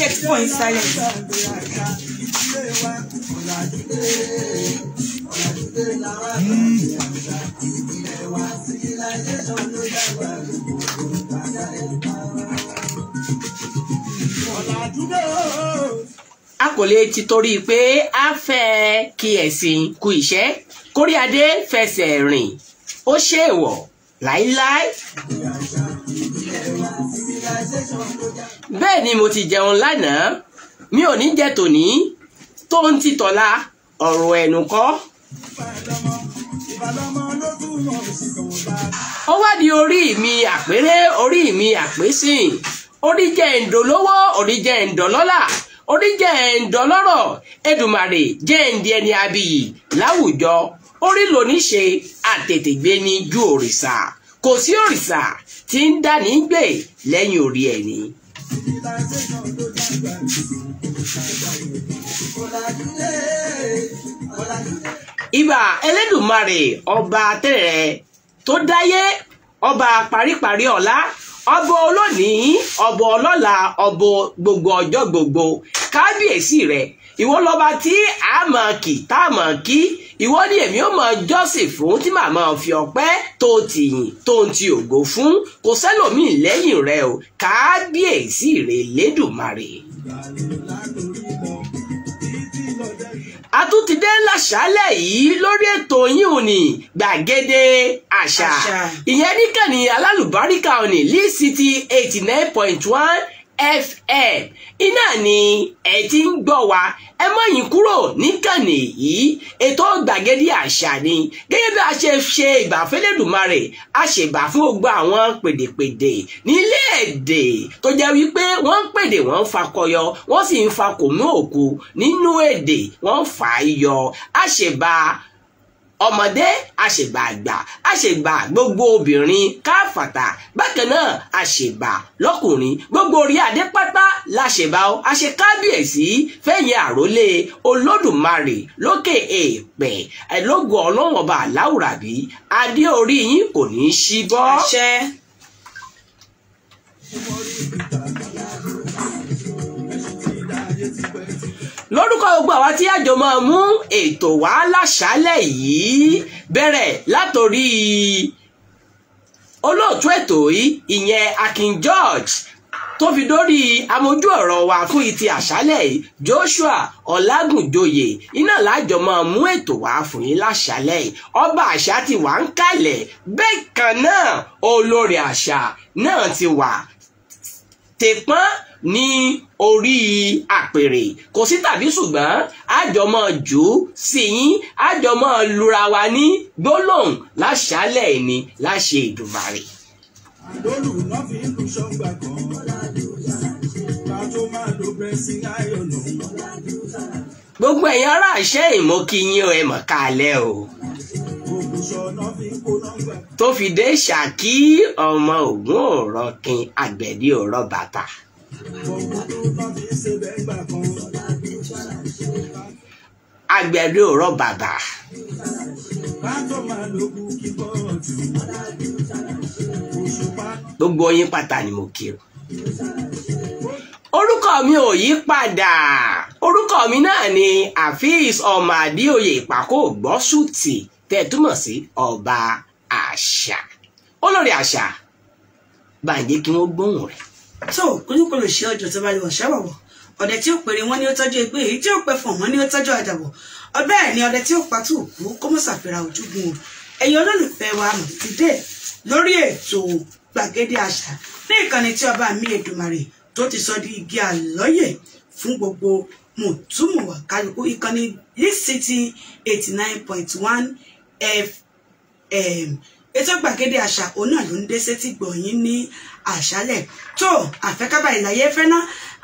checkpoint silence. a kò lè ti torí pé a fẹ́ kí ẹ̀sìn kú ìṣẹ́ kórí adé fẹsẹ̀ rìn ó ṣèwọ̀ láíláí bẹ́ẹ̀ ni mo ti jẹun lánàá mi ò ní jẹ tòní tó ń ti tọ̀la ọ̀rọ̀ ẹ̀nu kọ́. ó wá di orí mi àpérè orí mi àpésìn orí jẹ́ ìdòlówó orí jẹ́ ìdòlọ́là orí jẹ́ ìdòlọ́rọ̀ Èdùmàrè jẹ́ ìdí ẹni abiyì láwùjọ orí ló ṣe àtètègbé ni ju òrìṣà kò sí òrìṣà tí ń dání gbè lẹ́yìn orí ẹni civilization ló dàgbà ọ̀làjúlé ọ̀làjúlé. ibà Elédùmarè ọba tẹrẹ tó dáyé ọba paríparí ọlá ọbọ olónìí ọbọ ọlọ́la ọbọ gbogbo ọjọ́ gbogbo kábíyèsí rẹ̀ ìwọ lọ́ba tí a mọ̀ kì tá a mọ̀ kí ìwọ ni èmi ò mọ̀ jọ́sìn fún tí màá máa fi ọpẹ́ tó ti yìn tó ń ti ògo fún kò sẹ́lòmíì lẹ́yìn rẹ o káábíyèsí rẹ lẹ́dùnmarè. a tún ti dé láṣálẹ̀ yìí lórí ètò yín òní gbàgede àṣà ìyẹn nìkan alálùbáríkà òní lee city eighty nine point one fm iná ni ẹ ti ń gbọ́ wa ẹ má yín kúrò níkànnì yìí ètò gbàgede àṣà ni gẹ́gẹ́ bí a ṣe ṣe ìbà fẹ́lẹ́dùmarè a ṣe ìbà fún gbogbo àwọn pèdèpèdè nílé èdè tó jẹ́ wípé wọ́n ń pèdè wọ́n ń fakọyọ wọ́n sì ń fakòmí òkú nínú èdè wọ́n ń fà á yọ a ṣèbà ọmọdé àṣegbà àgbà àṣegbà gbogbo obìnrin káfàtà bákan náà àṣegbà lọkùnrin gbogbo orí adé pátá láṣegbà ó àṣekábíyèsí fẹ̀yìn àrólé olódùmarè lókè èèpẹ̀ ẹlógo ọlọ́run ọba aláwùrábí adé orí yín kò ní í ṣí bọ́. àṣẹ. lórúkọ gbogbo àwa tí àjọ máa mú ètò wá láṣálẹ̀ yìí bẹ̀rẹ̀ látòrí olóòtú ètò yìí ìyẹn Akin George tó fi dórí amójú ọ̀rọ̀ wa fún ìtì àṣálẹ̀ Joshua Ọlágúnjoyè iná lájọ máa mú ètò wá fún yín láṣálẹ̀ yìí ọba àṣà ti wà ń kalẹ̀ bẹ́ẹ̀ kan náà olórí àṣà náà ti wà tèpọ́n ní orí àpèrè kò sí tàbí ṣùgbọ́n àjọmọ́ jù ú sí yín àjọmọ́ lura wa ní gbólóhùn láṣálẹ̀ ẹni láṣẹ ìdùmarè. àdólù náà fi ń lu ṣọ́ngbà kan ká tó máa lo bẹ́sí láyọ̀ nù. gbogbo ẹ̀yin ará àṣẹ ìmọ̀kíyín ẹ mọ̀ kálẹ̀ o tó fi dé ṣàkí ọmọ ògún òrọkin àgbẹ̀dì òrọ̀ bàtà agbẹ̀rẹ̀ ọ̀rọ̀ bàbà. gbogbo yín pátá ni mo kí o. orúkọ mi ò yí padà orúkọ mi náà ni Afeez ọmọ Adéoyè Ìpàkó Ògbósùtì tẹ́ túmọ̀ sí ọba àṣà olórí àṣà bàjẹ́ kí wọ́n gbóhùn rẹ̀ tó kúlúkúlù ṣe ọjọ́ tó bá lè wọ̀ ṣẹ́wọ̀wọ̀ ọ̀dẹ tí ó pèrè wọn ni ó tọ́jú egbé èyí tí ó pẹ fọ̀n wọn ni ó tọ́jú àjàbọ̀ ọbẹ̀ ẹ̀ ni ọdẹ tí ó patú òkú kó mọ̀ ṣàfihàn ojúgun o ẹ̀yin olólùfẹ́ wa mọ̀ ti dé lórí ètò gbàgede àṣà ní ìkànnì tí ọba mi Èdùmàrè tó ti sọ di igi àlọ́yè fún gbogbo mùtúmùwà kálukú ìkànnì LiSTv eighty nine point one fm ètò gbàgede àṣà òun náà ló ń dé sétí gbọ̀nyín ní àṣálẹ̀ tó àfẹ́kábà ìlàyé fẹ́ ná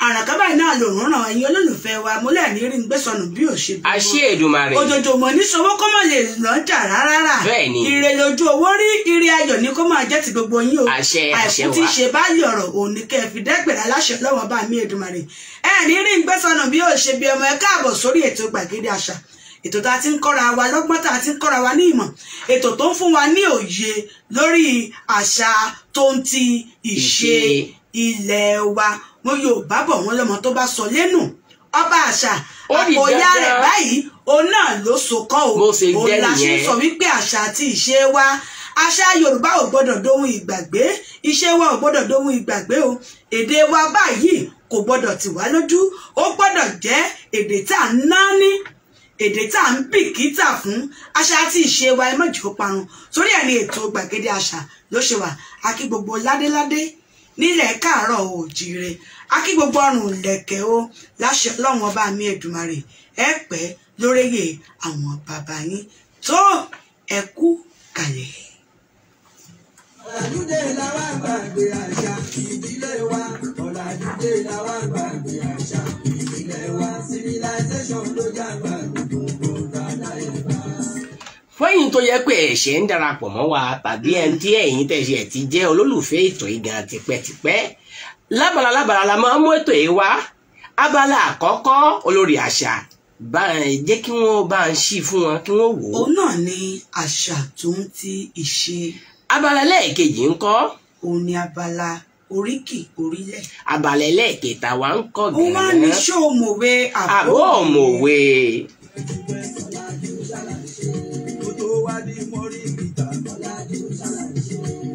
àràkábà náà lòún ràn ẹ̀yin olólùfẹ́ wa múlẹ̀ ní rí gbé sọnù bí òṣè bí wọn. àṣé Èdùmàrè. òjòjòmọ̀ ní sọ́wọ́ kó mọ̀ lè lọ́jà rárá. bẹ́ẹ̀ni. ire lójú owó rí ire ayọ̀ ní kó máa jẹ́ ti gbogbo yín o. àṣẹ àṣẹ wa àìkú tí ṣe báàlì ọ̀rọ̀ òun ni kẹ́ ẹ fi dẹ́gbẹ̀rẹ́ aláṣẹ lọ́wọ́ bá mi Èdùmàrè. ẹ̀ ní rí gbé bí òṣè bí ọmọ ẹ káàbọ̀ sórí ètò gbàgede àṣà ètò tá a ti ń kọ́ra wa lọ́gbọ́n tá a ti ń kọ́ra wa ní ìmọ̀ ètò tó ń fún wa ní òye lórí àṣà tó ń ti ìṣe ilẹ̀ wa wọn Yorùbá bọ̀ wọ́n lọ́mọ tó bá sọ lẹ́nu ọba àṣà àpòyá rẹ̀ báyìí òun náà ló sokọ́ o òun la ṣe sọ wípé àṣà àti ìṣe wa àṣà Yorùbá ò gbọ́dọ̀ dohun ìgbàgbé ìṣe wa ò gbọ́dọ̀ dohun ìgbàgbé o èdè wa báyìí kò gbọ́dọ̀ tì wá lójú ó gbọ́dọ̀ jẹ́ èdè tá à ná ní èdè tá à ń bìkítà fún àṣà àti ìṣe wa ẹ má jẹ́ kó parun torí ẹ̀ ní ètò gbàgede àṣà ló ṣe wà akí gbogbo ládéládé nílẹ̀ káàárọ̀ òjíire akí gbogbo ọrùn lẹ̀kẹ̀ o láṣẹ ọlọ́run ọba mi èdùmarè ẹ pẹ́ lóréyè àwọn bàbá yín tó ẹ kú kalẹ̀. ọ̀làjúdé làwa gbàgbé àṣà ìdílé wa ọ̀làjúdé làwa gbàgbé àṣà ìdílé wa civilization ló já gbàgbé fẹ́yìn tó yẹ pé ẹ̀ṣẹ̀ ń darapọ̀ mọ́ wa tàbí ẹ̀ ń tí ẹ̀yìn tẹ̀sẹ̀ ti jẹ́ olólùfẹ́ ètò ìgàn tipẹ́tipẹ́ lábala lábala la máa mú ètò yìí wá abala àkọ́kọ́ olórí àṣà bá ń jẹ́ kí wọ́n bá ń ṣí fún wọn kí wọ́n wò ó. òun náà ni àṣà tó ń ti ìṣe. abala lẹ́ẹ̀kejì ń kọ́. òun ni abala oríkì orílẹ̀. abala ẹlẹ́ẹ̀kẹta wa ń kọ́ gẹ̀ẹ́rẹ́. ó wá ní ṣó wá ní mọ́rí ìgbà.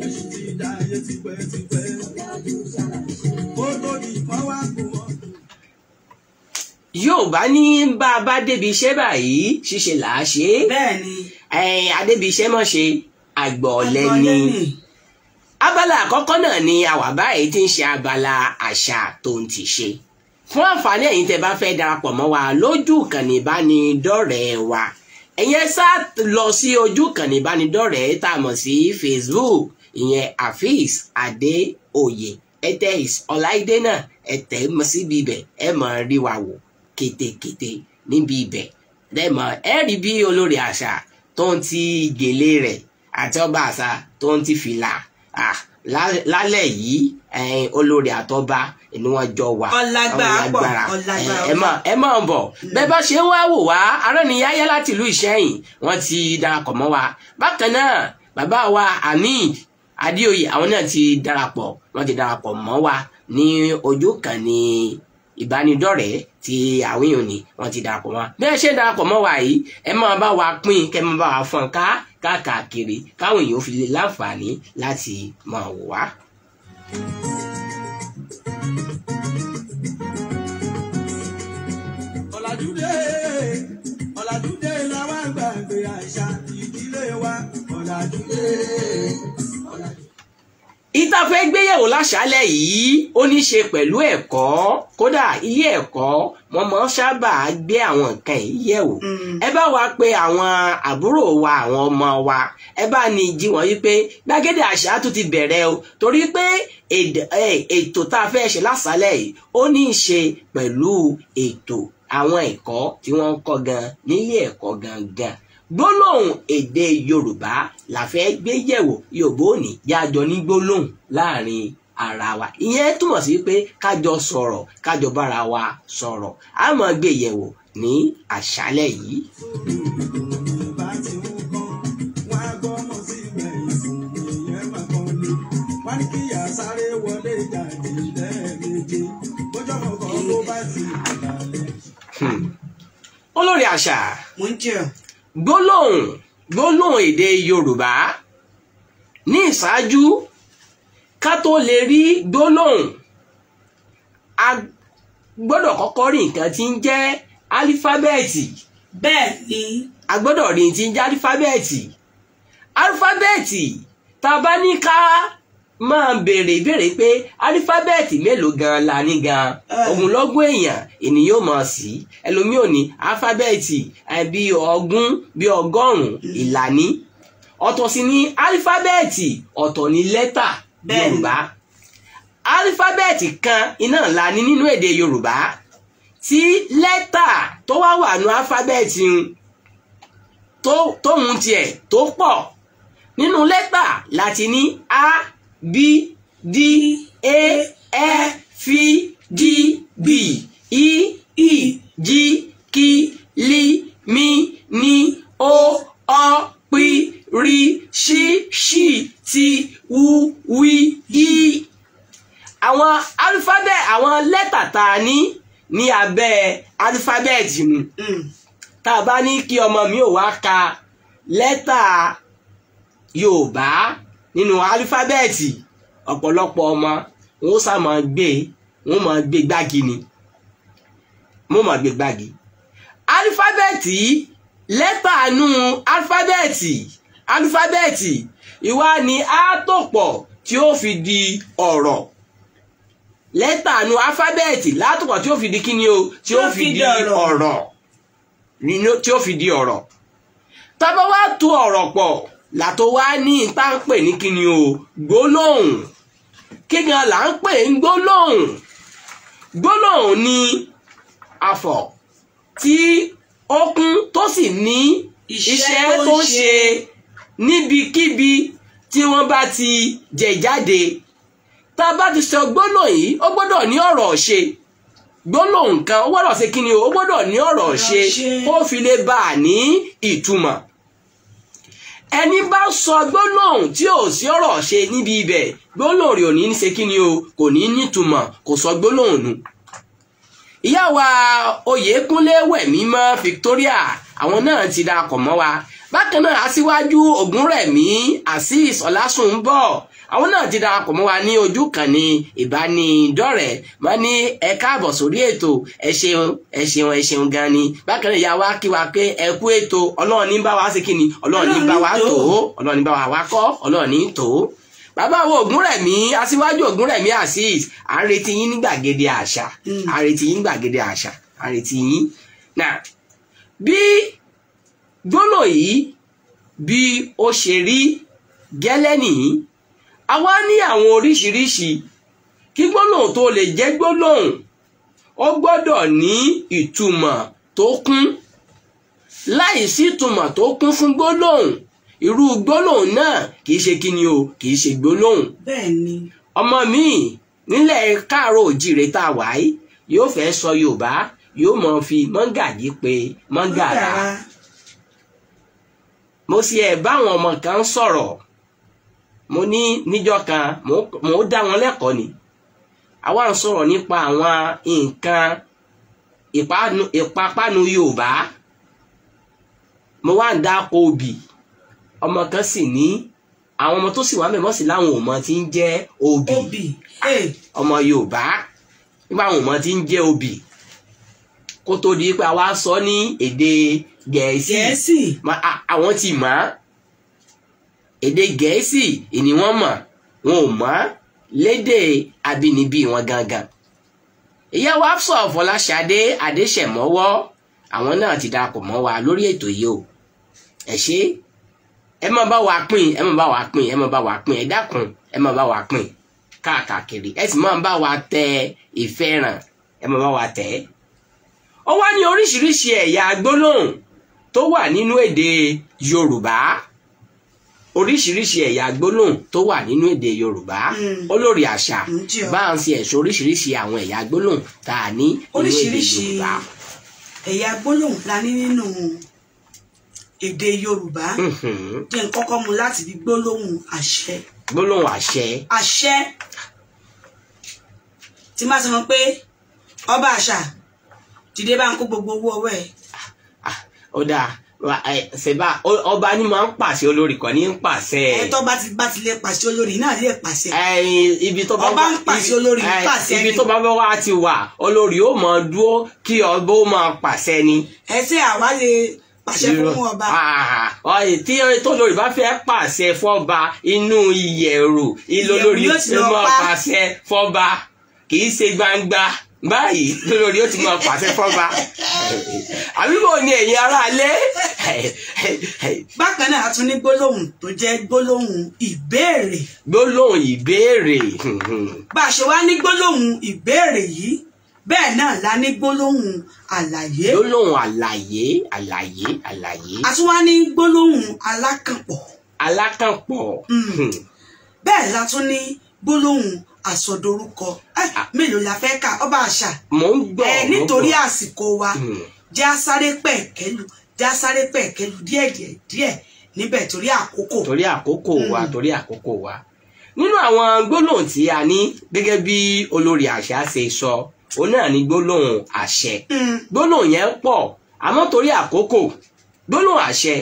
Èṣù ti dá ayé tipẹ́tipẹ́. Ó tó Yorùbá ní bá a bá débi iṣẹ́ báyìí ṣíṣe là á ṣe. Bẹ́ẹ̀ni. Adébiṣẹ́ mọ̀ ṣe àgbọ̀ ni. Abala àkọ́kọ́ náà ni àwa báyìí ti ń ṣe abala àṣà tó ń ti ṣe. Fún àǹfààní ẹ̀yin tẹ́ bá fẹ́ darapọ̀ mọ́ wa lójú ìkànnì ìbánidọ́rẹ̀ẹ́ wa ẹ̀yẹn sá lọ sí ojú kan ìbánidọ́rẹ̀ẹ́ tá a mọ̀ sí Facebook ìyẹn Afeez Adéoyè ẹtẹ ọláìdé náà ẹtẹ mọ síbi ibẹ̀ ẹ mọ rí wa wò kétékété níbi ibẹ̀ lẹ́mọ̀ ẹ rí bí olórí àṣà tó ń ti gèlè rẹ̀ àti ọba àṣà tó ń ti fìlà lálẹ́ yìí olórí àtọba inú wọn jọ wà ọlágbára ẹ máa ẹ máa ń bọ̀ bẹ́ẹ̀ bá ṣe wá wò wá arániyáyá láti ìlú ìṣẹ́yìn wọ́n ti darapọ̀ mọ́ wa bákan náà bàbá wa àní adéoyè àwọn náà ti darapọ̀ wọ́n ti darapọ̀ mọ́ wa ní ojú kan ní ìbánidọ́rẹ̀ẹ́ ti àwọn èèyàn ni wọ́n ti darapọ̀ mọ́ bí ẹ ṣe darapọ̀ mọ́ wa yìí ẹ máa bá wa pín kẹ́ máa bá wa fọ́n ká káàkiri káwọn èèyàn fi láǹfààní láti máa wò wá. thank you ìtafẹ́ gbéyẹ̀wò láṣálẹ̀ yìí ó ní ṣe pẹ̀lú ẹ̀kọ́ kódà ilé ẹ̀kọ́ wọn máa sábà gbé àwọn nǹkan yìí yẹ̀wò mm. ẹ bá wa pé àwọn àbúrò wa àwọn ọmọ wa ẹ bá ní jí wọn wípé gbàgede àṣà tún ti bẹ̀rẹ̀ o torí pé ètò tá a fẹ́ ṣe láṣálẹ̀ yìí ó ní ṣe pẹ̀lú ètò àwọn ẹ̀kọ́ tí wọ́n ń kọ́ gan nílé ẹ̀kọ́ gangan gbólóhùn èdè yorùbá la fẹ́ gbé yẹ̀wò yorùbá ò ní yájọ ní gbólóhùn láàrin ara wa ìyẹn túmọ̀ sí pé kájọ sọ̀rọ̀ kájọ bára wa sọ̀rọ̀ a máa gbé yẹ̀wò ní àṣálẹ̀ yìí. Hmm. Hmm. olórí àṣà. mo ń jẹun. gbólóhùn gbólóhùn èdè yorùbá ní ìṣáájú ká tó lè rí gbólóhùn a gbọ́dọ̀ kọ́kọ́ rí nǹkan tí ń jẹ́ álífábẹ́ẹ̀tì bẹ́ẹ̀ ni a gbọ́dọ̀ rí nǹkan tí ń jẹ́ álífábẹ́ẹ̀tì álífábẹ́ẹ̀tì tá bá ní ká máa béèrè ìbéèrè pé alifábẹ́ẹ̀tì mélòó gan la ní gan ah. ogunlọ́gọ̀ èèyàn ènìyàn ò mọ̀ sí ẹlòmíì ò ní alifábẹ́ẹ̀tì bíi ọgún bíi ọgọ́rùn-ún ìlàní ọ̀tọ̀ sì ni alifábẹ́ẹ̀tì ọ̀tọ̀ ni lẹ́tà yorùbá alifábẹ́ẹ̀tì kan iná la ní nínú èdè yorùbá tí lẹ́tà tó wá wà nù alifábẹ́ẹ̀tì tóun tiẹ̀ tó pọ̀ nínú lẹ́tà láti ní a b d a e, ẹ f d b i i j k l m n o ọ p r s ṣ t u w i. àwọn alifábẹ́ àwọn lẹ́tà tá a ní ní abẹ́ alifábẹ́ẹ̀tì ni hmm. tá a bá ní kí ọmọ mi ò wá ka lẹ́tà yorùbá nínú alifábẹ́ẹ̀tì ọ̀pọ̀lọpọ̀ ọmọ wọn ó sá máa gbé wọn máa gbé gbági ni wọn máa gbé gbági alifábẹ́ẹ̀tì lẹ́tà nù alifábẹ́ẹ̀tì alifábẹ́ẹ̀tì ìwá ni a tó pọ̀ tí ó fi di ọ̀rọ̀ lẹ́tà nù alifábẹ́ẹ̀tì látòpọ̀ tí ó fi di kíni o tí ó fi di ọ̀rọ̀ tí ó fi di ọ̀rọ̀ tá wá tú ọ̀rọ̀ pọ̀ làtó wá ní ipá ń pè ní kíni o gbólóhùn kí gan là ń pè ń gbólóhùn gbólóhùn ni àfọ̀ tí ó kún tó sì ní iṣẹ́ tó ń ṣe níbikíbi tí wọ́n bá ti jẹ jáde tá a bá ti sọ gbólóhùn yìí ó gbọ́dọ̀ ní ọ̀rọ̀ ṣe gbólóhùn kan ó gbọ́dọ̀ ṣe kíni o ó gbọ́dọ̀ ní ọ̀rọ̀ ṣe kó fi lè bá ní ìtumọ̀ ẹni bá sọ gbólóhùn tí ò sí ọ̀rọ̀ ṣe níbi ibẹ̀ gbólóhùn rẹ̀ ò ní ṣe kí ni o kò ní nítumọ̀ kò sọ gbólóhùn nù. ìyá wa oyèkúnlé wẹ̀mímọ́ Victoria àwọn náà ti da kọ̀ mọ́ wa bákan náà aṣíwájú ògúnrẹ̀mí azeez ọ̀làsùnbọ̀ àwọn náà ti darapọ̀ mọ́ wa ní ojú kan ní ìbánidọ́rẹ̀ẹ́ wọ́n ní ẹ káàbọ̀ sórí ètò ẹ ṣeun ẹ ṣeun ẹ ṣeun gan ni bákan náà ìyá wa kí wa pé ẹ kú ètò ọlọ́run ní bá wa ṣe kí ni ọlọ́run ní bá wa tó ọlọ́run ní bá wa wakọ́ ọlọ́run ní tó bàbá wo ògúnrẹ̀mí aṣíwájú ògúnrẹ̀mí azeez à ń retí yín ní gbàgede àṣà à hmm. ń retí yín ní gbàgede àṣà à ń retí yín náà bí gbólóyìí bí ó ṣe rí gẹ́lẹ́ nìyí a wá ní àwọn oríṣiríṣi kí gbólóhùn tó lè jẹ́ gbólóhùn ó gbọ́dọ̀ ní ìtumọ̀ tó kún láìsí ìtumọ̀ tó kún fún gbólóhùn irú gbólóhùn náà kì í ṣe kíni o kì í ṣe gbólóhùn. bẹ́ẹ̀ni. ọmọ mi nílẹ̀ káàárọ̀ òjìrè tá a wà yìí yóò fẹ́ sọ yorùbá yóò mọ̀ fi mọ́ngàjì pé mọ́ngàrà. mo sì ẹ̀ báwọn ọmọ kan sọ̀rọ̀ mo ní níjọ́ kan mò ń dá wọn lẹ́kọ̀ọ́ ni àwa ń sọ̀rọ̀ nípa àwọn nǹkan ìpápánu Yorùbá mo wá ń dá obì ọmọ kan sì ní àwọn ọmọ tó sì wà mẹ́wọ́n sì láwọn ò mọ tí ń jẹ́ obì ọmọ Yorùbá nígbà àwọn ò tí ń jẹ́ obì kó tó di pé àwa sọ ní èdè Gẹ̀ẹ́sì àwọn ti mọ̀ ọ́ èdè gẹ̀ẹ́sì ni wọ́n mọ̀ wọn ò mọ̀ lédè abínibí wọn gangan ìyá wa Hafsat Fọláṣadé Adéṣẹ̀mọ́wọ́ àwọn náà ti darapọ̀ mọ́ wa lórí ètò yìí o ẹ ṣé ẹ má bá wa pín ẹ má bá wa pín ẹ má bá wa pín ẹ dákun ẹ má bá wa pín káàkiri ẹ sì máa bá wa tẹ ìfẹ́ ràn ẹ má bá wa tẹ ó wá ní oríṣiríṣi ẹ̀yà gbólóhùn tó wà nínú èdè Yorùbá oríṣiríṣi ẹ̀yà gbólóhùn tó wà nínú èdè yorùbá hmm. olórí àṣà hmm, bá ń ṣe ẹ̀sùn oríṣiríṣi àwọn ẹ̀yà gbólóhùn tá a ní nínú èdè yorùbá. ẹ̀yà gbólóhùn la ní nínú èdè yorùbá kí n kọ́kọ́ mu láti fi gbólóhùn àṣẹ. gbólóhùn àṣẹ. àṣẹ tí máa sọ wọn pé ọba àṣà dìde bá ń kó gbogbo owó ọwọ́ ẹ̀. Ah, ó dáa ṣèbá ọba ni máa ń pàṣẹ olórí kan ní ń pàṣẹ. ẹ tó bá ti bá ti lè pàṣẹ olórí náà lè pàṣẹ. ibi tó bá ọba ń pàṣẹ olórí ń pàṣẹ ni. ibi tó bá bá wá ti wà olórí ó máa dúró kí ọba ó máa pàṣẹ ni. ẹ ṣe àwa lè pàṣẹ fún ọba. Ah, ah, ah. tí tó lórí bá fẹ́ pàṣẹ fọ́ba inú iyẹ̀rù ìlò lórí ló máa pàṣẹ fọ́ba kì í ṣe gbangba báyìí lórí ó ti máa pàṣẹ fọba àbíbò ni ẹ̀yin aráalé. bákan náà a tún ní gbólóhùn tó jẹ́ gbólóhùn ìbéèrè. gbólóhùn ìbéèrè. bá a ṣe wá ní gbólóhùn ìbéèrè yìí bẹ́ẹ̀ náà la ní gbólóhùn àlàyé. gbólóhùn àlàyé àlàyé àlàyé. a tún wá ní gbólóhùn alákànpọ̀. alákànpọ̀. Hmm. bẹ́ẹ̀ la tún ní gbólóhùn àsọdorúkọ ah. mélòó la fẹ́ kà ọba àṣà ẹ nítorí àsìkò wa hmm. jẹ́ asáré pẹ̀kẹ́lu jẹ́ asáré pẹ̀kẹ́lu díẹ̀díẹ̀ díẹ̀ níbẹ̀ torí àkókò. torí àkókò wa hmm. torí àkókò wa nínú àwọn gbólóhùn tí a ní gẹ́gẹ́ bí olórí àṣà ṣe sọ òun náà ni gbólóhùn àṣẹ hmm. gbólóhùn yẹn pọ̀ àmọ́ torí àkókò gbólóhùn àṣẹ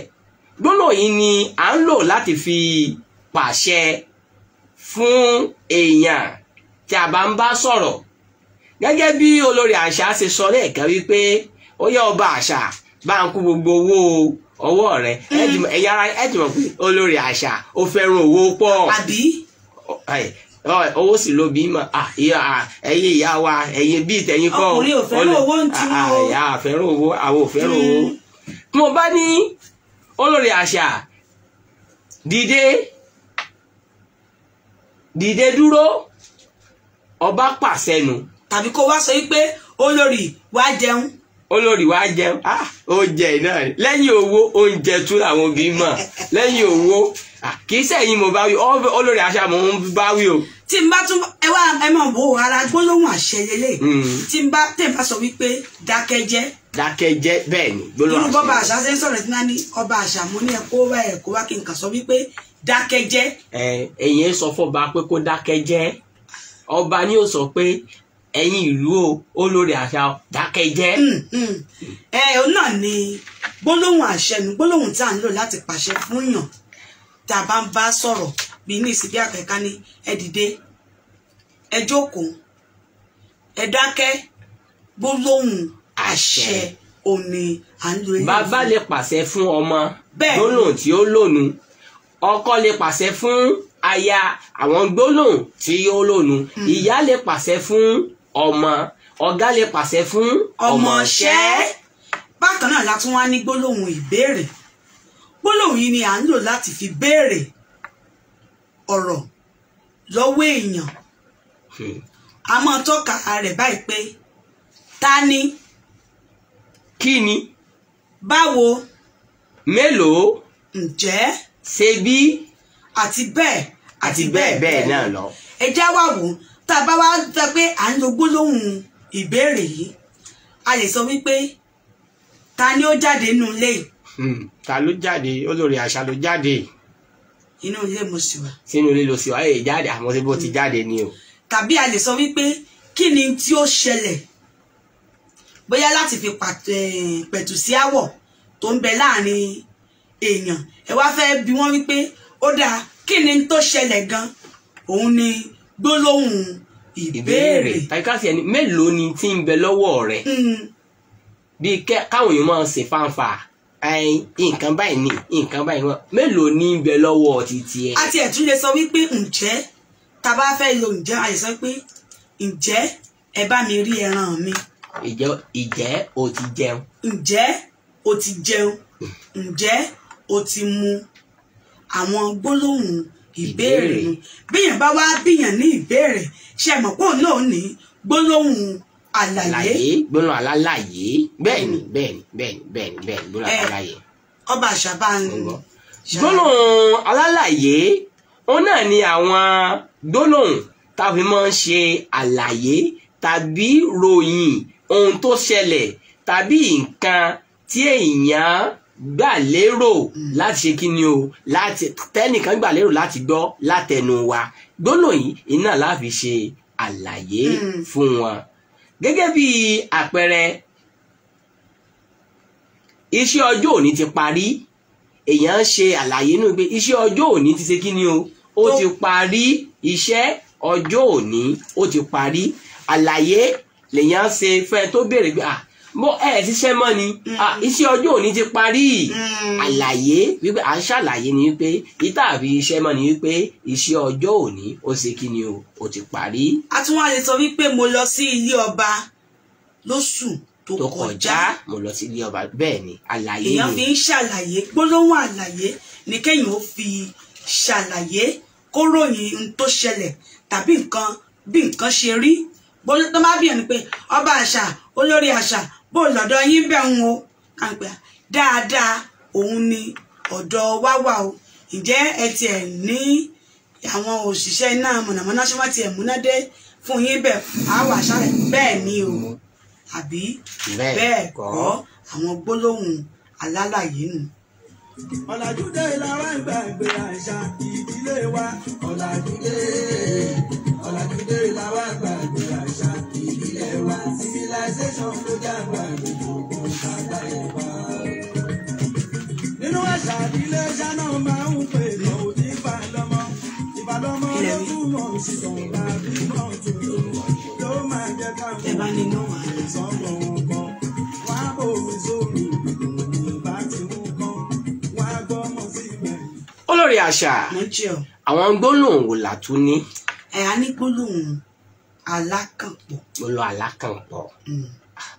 gbólóhùn yìí ni à ń lò láti fi pàṣẹ fún èèyàn tí a bá ń bá sọ̀rọ̀ gẹ́gẹ́ bí olórí àṣà ṣe sọ lẹ́ẹ̀kan wípé ó yẹ ọba àṣà bá ń kú gbogbo owó ọwọ́ rẹ̀ mm. ẹ̀yà ara ẹ̀ tìmọ̀ pé olórí àṣà ó fẹ́ràn owó pọ̀ àbí. owó sì ló bí mọ ẹ̀yin ìyá wa ẹ̀yin bíi tẹ̀yin kọ́ ọkùnrin ò fẹ́ràn owó ń tu o àyà àfẹ́ràn owó àwọn ò fẹ́ràn owó. Mm. mo bá ní olórí àṣà dìde dìde dúró ọba pàṣẹ nu. tàbí kó wá sọ wípé olórí wá jẹun. olórí wá jẹun ah oúnjẹ náà lẹ́yìn owó oúnjẹ tún làwọn obìnrin mọ̀ lẹ́yìn owó ah, kì í sẹ́yìn mo bá wí olórí àṣà mo ń bá wí o. tí n bá tún ẹ wá ẹ máa wo ara gbólóhùn àṣẹyẹlẹ hmm. tí n bá tẹ̀ bá sọ wípé dákẹ́jẹ́ dákẹ́jẹ́ bẹ́ẹ̀ ni gbólóhùn àṣẹyẹlẹ. irú àṣà ṣe ń sọ̀rọ̀ tí náà ní ọba àṣà mo ní ẹ̀kọ́ wá ẹ̀kọ́ wá kí n kà sọ wípé dákẹ́jẹ́. ẹ ẹ̀yin sọ fọba pé kó dákẹ́jẹ́ ọba ni ó sọ pé ẹ̀yin ìlú o olórí àṣà dákẹ́jẹ́. Hmm, hmm. ẹ ọ náà ni gbólóhùn àṣẹnu gbólóhùn tá à ń lò láti pàṣẹ fún yàn tá a bá ń bá sọ̀rọ̀ bí ní ìsìnkú àkẹ́kẹ́ ní ẹ dìde ẹ jókòó ẹ dákẹ́ gbólóhùn àṣẹ òní à ń lo. bàbá lè pàṣẹ fún ọmọ gbólóhùn tí ó lónìí ọkọ lè pàṣẹ fún aya àwọn gbólóhùn tí yóò lónu hmm. ìyá lè pàṣẹ fún ọmọ ọ̀gá lè pàṣẹ fún ọmọọṣẹ́. bákan náà la tún wá ní gbólóhùn ìbéèrè gbólóhùn yìí ni à ń lò láti fi béèrè ọ̀rọ̀ lọ́wọ́ èèyàn hmm. a máa tọ́ka rẹ̀ báyìí pé ta ni. kí ni. báwo. mélòó. ǹjẹ́ ṣebí àti bẹ́ẹ̀ àti bẹ́ẹ̀ bẹ́ẹ̀ náà lọ. ẹ já wà wò tá a bá wá sọ pé à ń lo gbólóhùn ìbéèrè yìí a lè sọ wípé ta ni ó jáde nínú ilé yìí. Hmm, ta ló jáde olórí àṣà ló jáde. inú ilé mo sì wà. sínú ilé ló sì wà ẹ jáde àmọ́ sí ti jáde ni o. tàbí a lè sọ wípé kí ni tí ó ṣẹlẹ̀ bóyá láti fi eh, pẹ̀tù sí àwọ̀ tó ń bẹ láàrin èèyàn ẹ wá fẹ́ bi wọ́n wípé ó dáa kí ni tó ṣẹlẹ̀ gan òun ni gbólóhùn ìbéèrè tàbíkàsí ẹni mélòó ni tí ń bẹ lọ́wọ́ rẹ̀ hmm. bíi káwọn èèyàn máa ṣe fáńfà nǹkan báyìí ni nǹkan báyìí ni mélòó ni ń bẹ lọ́wọ́ títí ẹ. àti ẹ̀tún lè sọ wípé ǹjẹ́ tá a bá fẹ́ lo ǹjẹ́ a lè sọ pé ǹjẹ́ ẹ bá mi rí ẹran mi. ǹjẹ́ o ti jẹun. ǹjẹ́ o ti jẹun. Hmm. ǹjẹ́ ó ti mú àwọn gbólóhùn ìbéèrè nu bíyàn bá wá bíyàn ní ìbéèrè ṣe mọ̀ pé òun náà ní gbólóhùn àlàyé. gbólóhùn alálàyé bẹ́ẹ̀ hmm. ni bẹ́ẹ̀ ni bẹ́ẹ̀ ni bẹ́ẹ̀ ni bẹ́ẹ̀ ni gbólóhùn eh, alálàyé. ọba àṣàbá ń. gbólóhùn alálàyé òun náà ni àwọn gbólóhùn tá a fi máa ń ṣe àlàyé tàbí ròyìn ohun tó ṣẹlẹ̀ tàbí nǹkan tí èèyàn gbà lérò hmm. láti ṣe kíni o láti tẹnìkan gbà lérò láti gbọ́ látẹnu wa gbóná yìí iná láfi ṣe àlàyé hmm. fún wọn gẹ́gẹ́ bí àpẹẹrẹ iṣẹ́ ọjọ́ òní ti parí èèyàn ń ṣe àlàyé nínú pé iṣẹ́ ọjọ́ òní ti ṣe kíni o ó ti parí iṣẹ́ ọjọ́ òní ó ti parí àlàyé lèèyàn ṣe fẹ́ tó béèrè pé ah mo ẹ ṣiṣẹ́ mọ́ ni mm. iṣẹ́ ọjọ́ òní ti parí mm. àlàyé wípé à ń ṣàlàyé ni wípé ìta àbí iṣẹ́ mọ́ ni wípé iṣẹ́ ọjọ́ òní ó ṣe kí ni o ó ti parí. a tún wá lè sọ wípé mo lọ sí ilé ọba lóṣù tó kọjá mo lọ sí ilé ọba bẹ́ẹ̀ ni àlàyé ni èèyàn fi ń ṣàlàyé gbólóhùn àlàyé ni kéèyàn ó fi ṣàlàyé kó ròyìn ohun tó ṣẹlẹ̀ tàbí nǹkan bí nǹkan ṣe rí gbólóhùn tó má bìyàn ni pé ọba àṣà olórí àṣà bó lọ́dọ̀ yín bẹ̀ ń wo kàǹgbà dáadáa òun ni ọ̀dọ̀ wá wà o ǹjẹ́ ẹ tiẹ̀ ní àwọn òṣìṣẹ́ iná mọ̀nàmọ́ná ṣé wọ́n tiẹ̀ múnádé fún yín bẹ̀ á wà bẹ́ẹ̀ ni o àbí bẹ́ẹ̀ kọ́ àwọn gbólóhùn alálàyé nù. ọ̀làjú lára ìgbà ìgbé àṣà ìdílé wa ọ̀làjú dé lára ìgbà civilization ló dàgbà gbogbo bàbá ìwà. nínú àṣà ìdílé ṣáná máa ń pè mọ́ òdì ìbálọ́mọ́ ìbálọ́mọ́ ló túmọ̀ sí ọ̀la bímọ tuntun ló máa jẹ́ káwọn sọ́kọ̀ ọkọ̀ wá bòwe sórí ìbá ti mú kọ́ wá gbọ́mọ síbẹ̀. olórí àṣà àwọn gbólóhùn wò látún ní. ẹ̀ á ní gbólóhùn alákànpọ̀. mo lọ alákànpọ̀ sí hmm. ah,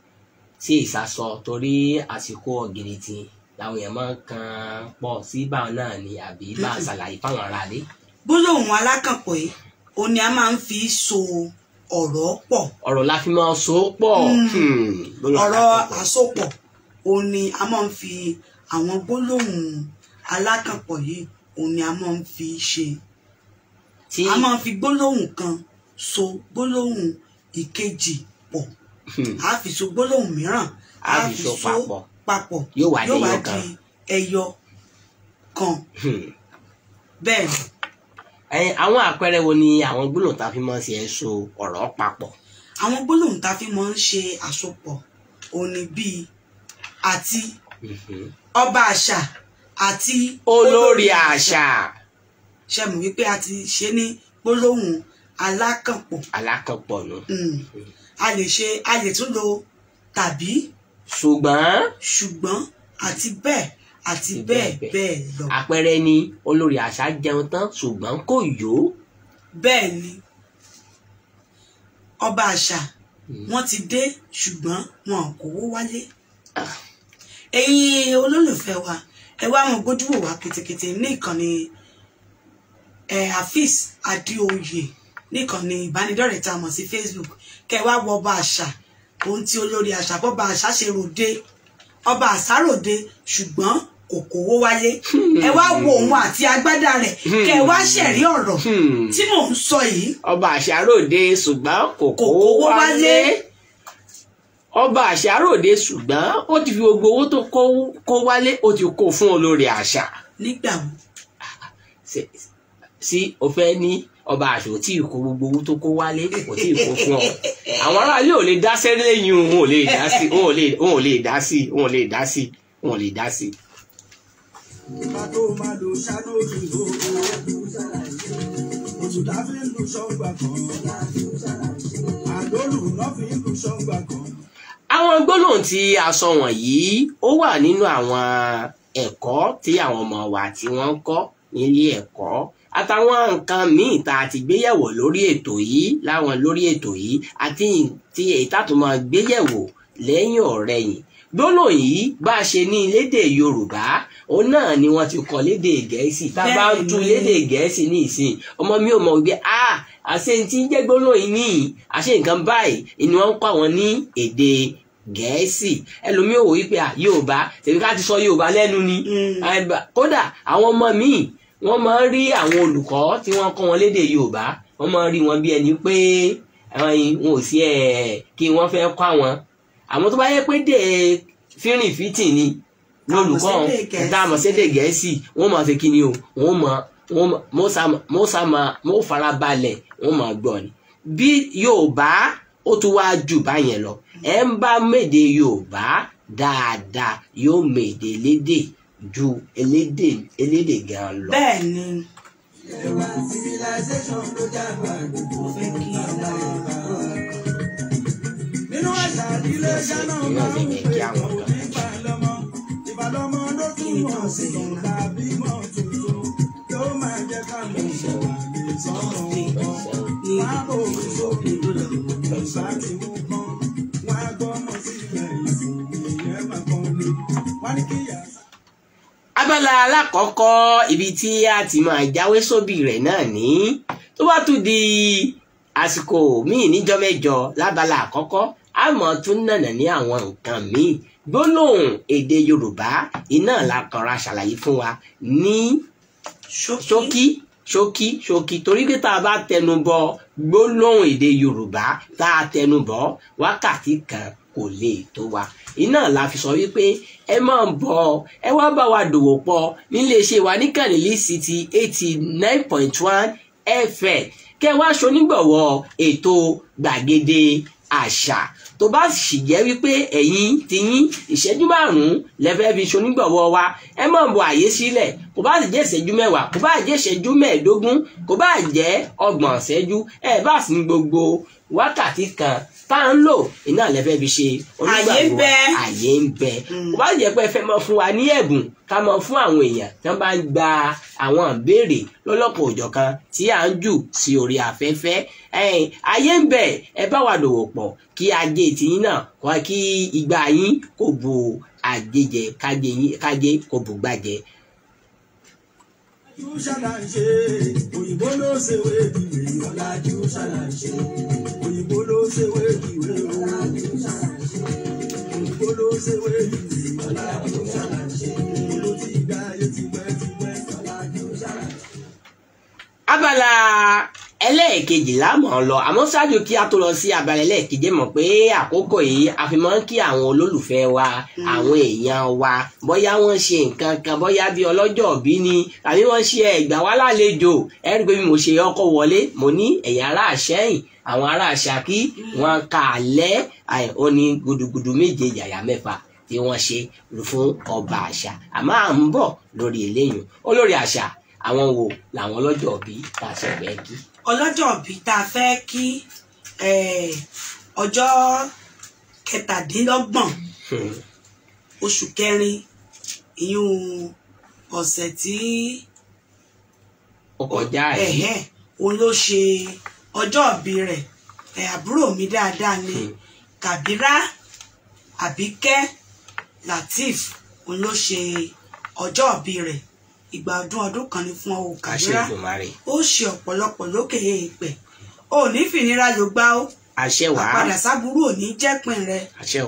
ìsásọ torí àsìkò ọ̀gìrìtì làwọn èèyàn máa ń kan pọ̀ sí báwọn náà ni àbí bá a hmm. ṣàlàyé fáwọn ará lé. gbólóhùn alákànpọ̀ yìí òun ni a máa ń fi so ọ̀rọ̀ pọ̀. ọ̀rọ̀ la fi máa so pọ̀. Hmm. ọ̀rọ̀ àsopọ̀ òun ni a máa ń fi àwọn gbólóhùn alákànpọ̀ yìí òun ni a máa ń fi ṣe. a máa ń fi gbólóhùn kan so gbólóhùn ìkejì pọ̀ hmm. a fi so gbólóhùn mìíràn a fi so papọ̀ yóò wá di ẹyọ kan hmm. bẹ́ẹ̀ ni. àwọn àpẹẹrẹ wo ni àwọn gbólóhùn tá a fi máa ń ṣe ẹ̀ so ọ̀rọ̀ papọ̀. àwọn gbólóhùn tá a fi máa ń ṣe àsopọ̀ òní bíi àti hmm. ọba àṣà àti olórí àṣà ṣe mọ̀ wípé a ti ṣe ní gbólóhùn alákànpọ̀. alákànpọ̀ nù. Hmm. a lè ṣe a lè tún lo tàbí. ṣùgbọ́n. ṣùgbọ́n àti bẹ́ẹ̀ àti bẹ́ẹ̀ bẹ́ẹ̀ lọ. àpẹẹrẹ ni olórí àṣà jẹun tán ṣùgbọ́n kò yó. bẹ́ẹ̀ ni ọba àṣà hmm. wọ́n ti dé ṣùgbọ́n wọn kò wó wálé. Ah. ẹ̀yin olólùfẹ́ wa ẹ wá wọn gbójúwò wá kètèkètè ní ìkànnì ẹ̀ eh, Afeez Adéoyè níkànnì ìbánidọ́rẹ̀ẹ́ tá a mọ̀ sí Facebook kẹ́ wá wo ọba àṣà ohun tí olórí àṣà bọ́ba àṣà ṣe ròde ọba àṣà ròde ṣùgbọ́n kò kówó wáyé ẹ wá wo òun àti agbádá rẹ̀ kẹ́ wá ṣẹ̀rí ọ̀rọ̀ tí mò ń sọ yìí. ọba àṣà ròde ṣùgbọ́n kò wáyé ọba àṣà ròde ṣùgbọ́n ó ti fi gbogbo owó tó kó wálé ó ti kó fún olórí àṣà. nígbà wo. sí o fẹ́ ní ọba àṣò tí ì kó gbogbo owó tó kó wálé kò tí ì kó fún ọ àwọn aráàlú ò lè dá sẹ́rí lẹ́yìn òun ò lè dá sí òun ò lè dá sí òun ò lè dá sí òun ò lè dá sí. àwọn gbólóhùn tí a sọ wọ̀nyí ó wà nínú àwọn ẹ̀kọ́ tí àwọn ọmọ wa tí wọ́n kọ́ nílé ẹ̀kọ́. E àtàwọn nǹkan míì tá a ti gbéyẹ̀wò lórí ètò yìí láwọn lórí ètò yìí àti ti èyí tàtúmọ̀ gbéyẹ̀wò lẹ́yìn ọ̀rẹ̀yìn gbólóhùn yìí bá a ṣe ní lédè yorùbá òun náà ni wọ́n ti kọ lédè gẹ̀ẹ́sì tá a bá ń tu lédè gẹ̀ẹ́sì ní ìsìn ọmọ mi ò mọ̀ wípé a àṣẹ ti ń jẹ́ gbólóhùn yìí nìyí àṣẹ nǹkan báyìí ni wọ́n ń kọ́ àwọn ní èdè gẹ̀ẹ́sì ẹlòmíì ò wò wípé yorùbá tèmi ká ti sọ yorùbá lẹ́nu ni mm. kódà àwọn ọmọ míì wọ́n máa ń rí àwọn olùkọ́ tí wọ́n kọ́ wọn lédè Yorùbá wọ́n máa ń rí wọn bí ẹni pé àwọn yìí wọn ò sí ẹ̀ kí wọ́n fẹ́ kọ́ àwọn àwọn tó bá yẹ pé dè fírìnfìtì ni lólùkọ́ tá a mọ̀ sédè Gẹ̀ẹ́sì wọ́n máa ṣe kí ni o wọ́n máa mo sá máa mo fara balẹ̀ wọ́n máa gbọ́ ni bí Yorùbá ó tún wá jù báyẹn lọ ẹ ń bá méde Yorùbá dáadáa yóò méde lédè ju elédè elédè gan lọ. bẹ́ẹ̀ ni. civilization ló dàgbà gbogbo fẹ́ kí ọ̀la ìbá wa. nínú àṣà ìdílé dáná máa ń wúwe kó nípa lọ́mọ ló túmọ̀ sí ìlà bímọ tuntun tó máa jẹ́ ká lè ṣe wà lè sọ̀rọ̀ ọ̀pọ̀ máa bò ó sókè ìgbà tí mo kàn wá gbọ́mọ sílẹ̀ ìsìn ìyẹn máa kàn ní wá ní kíyà abala alákọ̀ọ́kọ́ ibi tí a ti máa jáwé sóbì rẹ̀ náà ní tó bá tún di àsìkò míì níjọ́ mẹ́jọ lábala àkọ́kọ́ a mọ̀ tún nànà ní àwọn nǹkan míì gbólóhùn èdè yorùbá iná làkànra ṣàlàyé fún wa ní ṣókí. So ṣókí ṣókí torí pé tá a bá tẹnubọ gbólóhùn èdè yorùbá tá a tẹnubọ wákàtí kan kò lè tó wa iná la fi sọ wípé ẹ máa ń bọ̀ ẹ wá bá wa dòwò pọ̀ níléeṣẹ́ wa ní kàlílì city eighty nine point one fm kẹ́ wá ṣonígbọ̀wọ́ ètò gbàgede àṣà tó bá sì jẹ́ wípé ẹ̀yin tiyín ìṣẹ́jú márùn-ún fi ṣonígbọ̀wọ́ wa ẹ máa ń bọ̀ àyè sílẹ̀ kò bá sì jẹ́ ìṣẹ́jú mẹ́wàá kò bá jẹ́ ìṣẹ́jú mẹ́ẹ̀ẹ́dógún kò bá jẹ́ ọgbọ̀n ìṣẹ́jú ẹ bá sì ń gbogbo wákàtí kan tá à ń lò iná lẹ́fẹ́ fi ṣe onígbàgbọ́ àyè ń bẹ hmm. kò bá jẹ́ pé ẹ fẹ́ mọ fún wa ní ẹ̀bùn ká mọ fún àwọn èèyàn tí wọ́n bá ń gba àwọn ìbéèrè lọ́lọ́pọ̀ òjọ̀kan tí à ń jù sí orí afẹ́fẹ́ ayé ń bẹ ẹ bá wa dòwò pọ̀ kí ajé tiyín náà kí ìgbà yín kò bu àjẹjẹ kájé kò bu gbàjẹ́ abala ẹlẹ́ẹ̀kejì lámọ̀ lọ àmọ́ ṣáájú kí a tó lọ sí abalẹ̀ ẹlẹ́ẹ̀kejì mọ̀ pé àkókò yìí a fi máa ń kí àwọn olólùfẹ́ wa mm. àwọn èèyàn wa bóyá wọ́n ṣe nǹkan kan bóyá bí ọlọ́jọ́ òbí ni àbí wọ́n ṣe ẹ̀gbà wá lálejò ẹ rí pé bí mo ṣe ọkọ̀ wọlé mo ní ẹ̀yà ará àṣẹ́yìn àwọn ará àṣàkí mm. wọn kà á lẹ́ ó gudugudu méje yàyà mẹ́fà tí wọ́n ṣe fún ọba àṣà àmọ́ à ń bọ̀ lórí eléyìí olórí àṣà àwọn wo làwọn ọlọ́jọ́ òbí tá a ṣe fẹ́ kí. ọlọ́jọ́ òbí tá a fẹ́ kí ọjọ́ kẹtàdínlọ́gbọ̀n hmm. oṣù kẹrin ìyún ọ̀sẹ̀ tí ó kọjá yìí òun ló ṣe ọjọ́ òbí rẹ̀ àbúrò mi dáadáa ni hmm. Kàbírá Àbíkẹ́ Latif òun ló ṣe ọjọ́ òbí rẹ̀ ìgbà ọdún ọdún kan ni fún ọ kàdúrà ó ṣe ọ̀pọ̀lọpọ̀ lókè èèpẹ̀ ò ní fìnira ló gbá ó àpàdà sábúrú ò ní jẹ́pin rẹ ẹ̀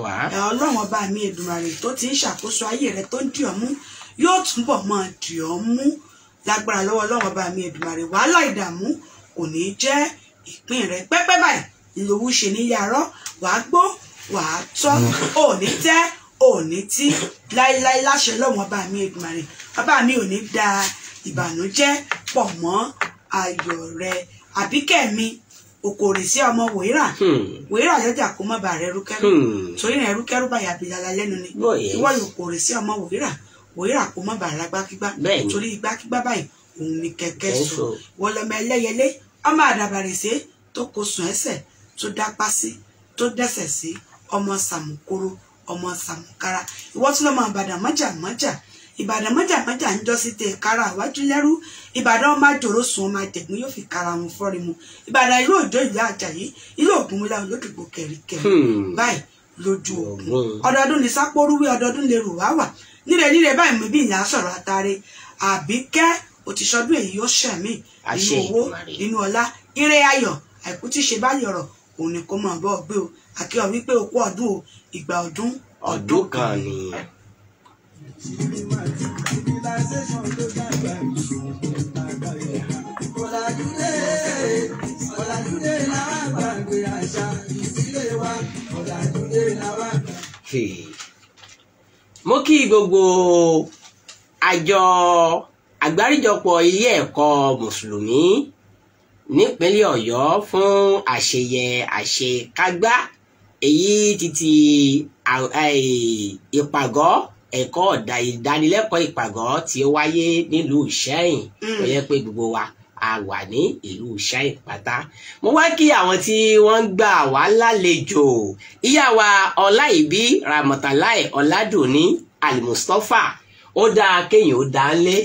ọlọ́run ọba mi Èdùmàrè tó ti ń ṣàkóso ayé rẹ tó ń dì ọ́ mú yóò túbọ̀ máa dì ọ́ mú lágbára lọ́wọ́ ọlọ́run ọba mi Èdùmàrè wàhálà ìdààmú kò ní jẹ́ ìpín rẹ pẹ́pẹ́ báyìí ìlòwú ṣe ní yàrá wàá gbó wàá tọ́ mm. ò ní tẹ́ òní tí láíláí láṣẹ lọ́wọ́n bá mi Èdùmàrè bàbá mi ò ní da ìbànújẹ́ pọ̀ mọ́ ayọ̀ rẹ àbíkẹ́ mi òkòrè sí ọmọ wòírà hmm. wòírà jẹjà kó má bàa rẹ rúkẹrú hmm. torí rẹ rúkẹrú bá yàbí lala lẹ́nu ni ìwọ yóò kòrè sí ọmọ wòírà wòírà kó má bàa ra gbákígbá torí gbákígbá báyìí òun ni kẹ̀kẹ́ so wọlọmọ ẹlẹ́yẹlé ọmọ àdàbàrèsé tó kó sùn ẹsẹ̀ tó dápá sí tó dẹ́sẹ̀ sí ọmọ sàmùkúrò ọmọ sàmùkárà ìwọ tún lọmọ àbàdàn mọjà mọjà ìbàdàn mọjà mọjà ń jọ sí tẹ kára àwájú lẹrú ìbàdàn ọmọ àjòrò sùn ọmọ àjẹgùn yóò fi kára wọn fọrí mu ìbàdàn ìlú òjò ìlú àjàyí ìlú ògúnmọlá olódùgbò kẹrìkẹrì hmm. báyìí lójú òkun hmm. ọdọọdún ní sápórúwé ọdọọdún lè rò wá wà níre níre báyìí mo bí ìyá sọ̀rọ̀ àtàrẹ àbíkẹ́ òtíṣọdún èyí yóò ṣẹmí òun ni kó máa bọ́ ọ gbé o àkíyọ̀ wípé òkú ọdún o ìgbà ọdún ọdún kan ni. Ọ̀làdúdé Ọ̀làdúdé làwọn àgbàgbé àṣà ìdílé wa Ọ̀làdúdé làwọn àgbà. Mo kí gbogbo àjọ àgbáríjọpọ̀ ilé ẹ̀kọ́ Mùsùlùmí nípínlẹ̀ ọ̀yọ́ fún àṣeyẹ àṣekágbá èyí títí ìpàgọ́ ẹ̀kọ́ ìdánilẹ́kọ̀ọ́ ìpàgọ́ tí ó wáyé nílùú Ìṣẹ́yìn tó mm. yẹ pé gbogbo wa a wà ní ìlú Ìṣẹ́yìn pátá mo wá kí àwọn tí wọ́n ń gbà wá lálejò ìyá wa Ọláìbí Ramọ̀tàláì Ọládùnní Alimustapha ó dáa kéèyàn ó dá lé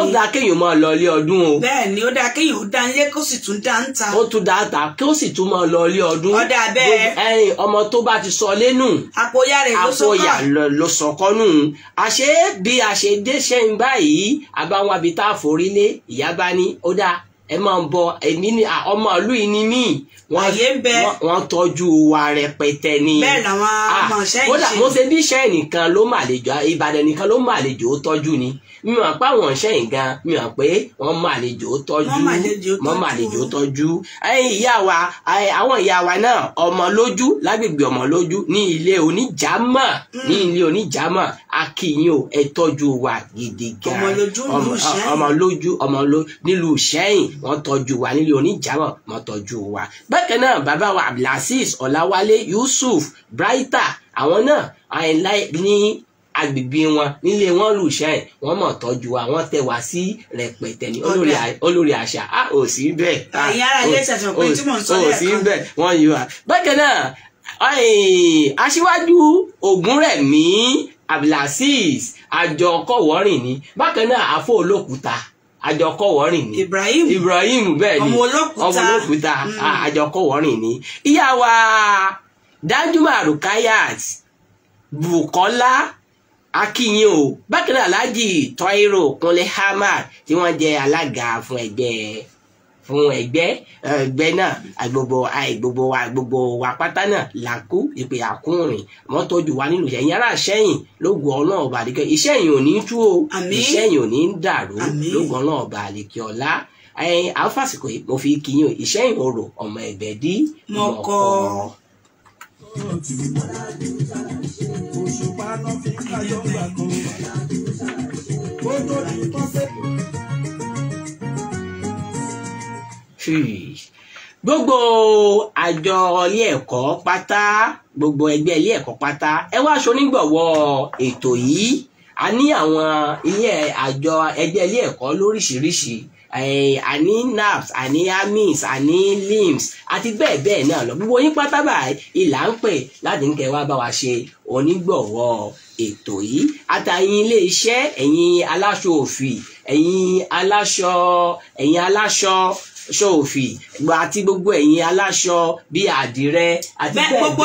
ó dáa kéèyàn máa lọ ilé ọdún o. bẹ́ẹ̀ni ó dáa kéèyàn ó dá lé kó sì tún dá ń ta. ó tún dá ta kó sì tún máa lọ ilé ọdún. ọ̀dà bẹ́ẹ̀. ẹyin ọmọ tó bá ti sọ lẹ́nu. àpòyá rẹ̀ ló sọkọ. àpòyá ló sọkọ nù. àṣé bí a dé sẹ́yìn báyìí àbáwọn abitá àforílé ìyá bá ní ó dáa ẹ máa ń bọ ẹni ní ọmọ ìlú yìí ni mí wọ́n tọ́jú wa rẹpẹtẹ ni bẹ́ẹ̀ làwọn ọmọ ṣẹ́yìn ṣe mo ṣe bí iṣẹ́ nìkan ló mà lè jọ Ìbàdàn nìkan ló mà lè jọ ó tọ́jú ni mi mà pa àwọn iṣẹ́ yìí gan mi mà pé wọ́n mà àlejò tọ́jú wọ́n mà àlejò tọ́jú ẹ̀yin ìyá wa àwọn ìyá wa náà ọmọ lójú lágbègbè ọmọ lójú ní ilé oníjàmọ̀ hmm. ní ilé oníjàmọ̀ akínyìn o ẹ tọ́jú wa gidi gan ọmọ lójú ọmọ lójú nílùú Ìṣẹ́yìn wọ́n tọ́jú wa nílé oníjàmọ̀ wọ́n tọ́jú wa bákan náà bàbá wa Abdulaziz Ọláwálé Yusuf Brighter àwọn náà ní agbègbè wọn nílé wọn lù ṣáì wọn mọ̀ tọ́jú wa wọn tẹ wá sí rẹpẹtẹ ní olórí àṣà a ò sí bẹ́ẹ̀ ò sí bẹ́ẹ̀ wọ́n yí wa. bákan náà aṣíwájú ògúnrẹ̀mí abdulaziz àjọ kọ̀wọ́rìn ni bákan náà àfọ olókùúta àjọkọ wọrin ni Ibrahim Ibrahim bẹ́ẹ̀ ni ọmọ olókùúta mm. àjọkọ wọrin ni ìyá wa Danjuma Rukayat Bukola akínyìn o bákan náà alhaji tọ́írò kúnlé hamad tí wọ́n jẹ́ alága fún ẹgbẹ́ fún ẹgbẹ́ eh, ẹgbẹ́ náà agbogbo agbogbo wa gbogbo wa pátá náà là kú ìpè àkúnrin mọ́tọ́jú wa nínú ìṣẹ̀yìn yàrá sẹ́yìn lógun ọlọ́run ọba àdìkẹ́ iṣẹ́ yìí ò ní tú o iṣẹ́ yìí ò ní dàrú lógun ọlọ́run ọba àdìkẹ́ ọ̀la àwọn fásitì mo fi kí yín o iṣẹ́ yìí ò rò ọmọ ẹ̀gbẹ́ dí mọ́kọ́ ojú. Òṣùpá náà fi ń kájọ́ gbà kan. Ó tó ní pọ́sẹ̀. Gbogbo àjọ ilé ẹ̀kọ́ pátá gbogbo ẹgbẹ́ ilé ẹ̀kọ́ pátá ẹ wá aṣọ onígbọ̀wọ́ ètò yìí a ní àwọn ilé àjọ ẹgbẹ́ ilé ẹ̀kọ́ lóríṣiríṣi àní eh, nerves àní amins àní limbs àti bẹ́ẹ̀ bẹ́ẹ̀ náà lọ gbogbo yín pátá báyìí ìlà ń pè láti ń kẹ́ wá bá wa ṣe onígbọ̀wọ́ ètò yìí àtàyìn iléeṣẹ́ ẹ̀yin aláṣọ òfì ẹ̀yin aláṣọ ẹ̀yin aláṣọ ṣòfì àti gbogbo ẹ̀yin aláṣọ bíi àdìrẹ àti bẹ́ẹ̀ bẹ́ẹ̀ lọ gbogbo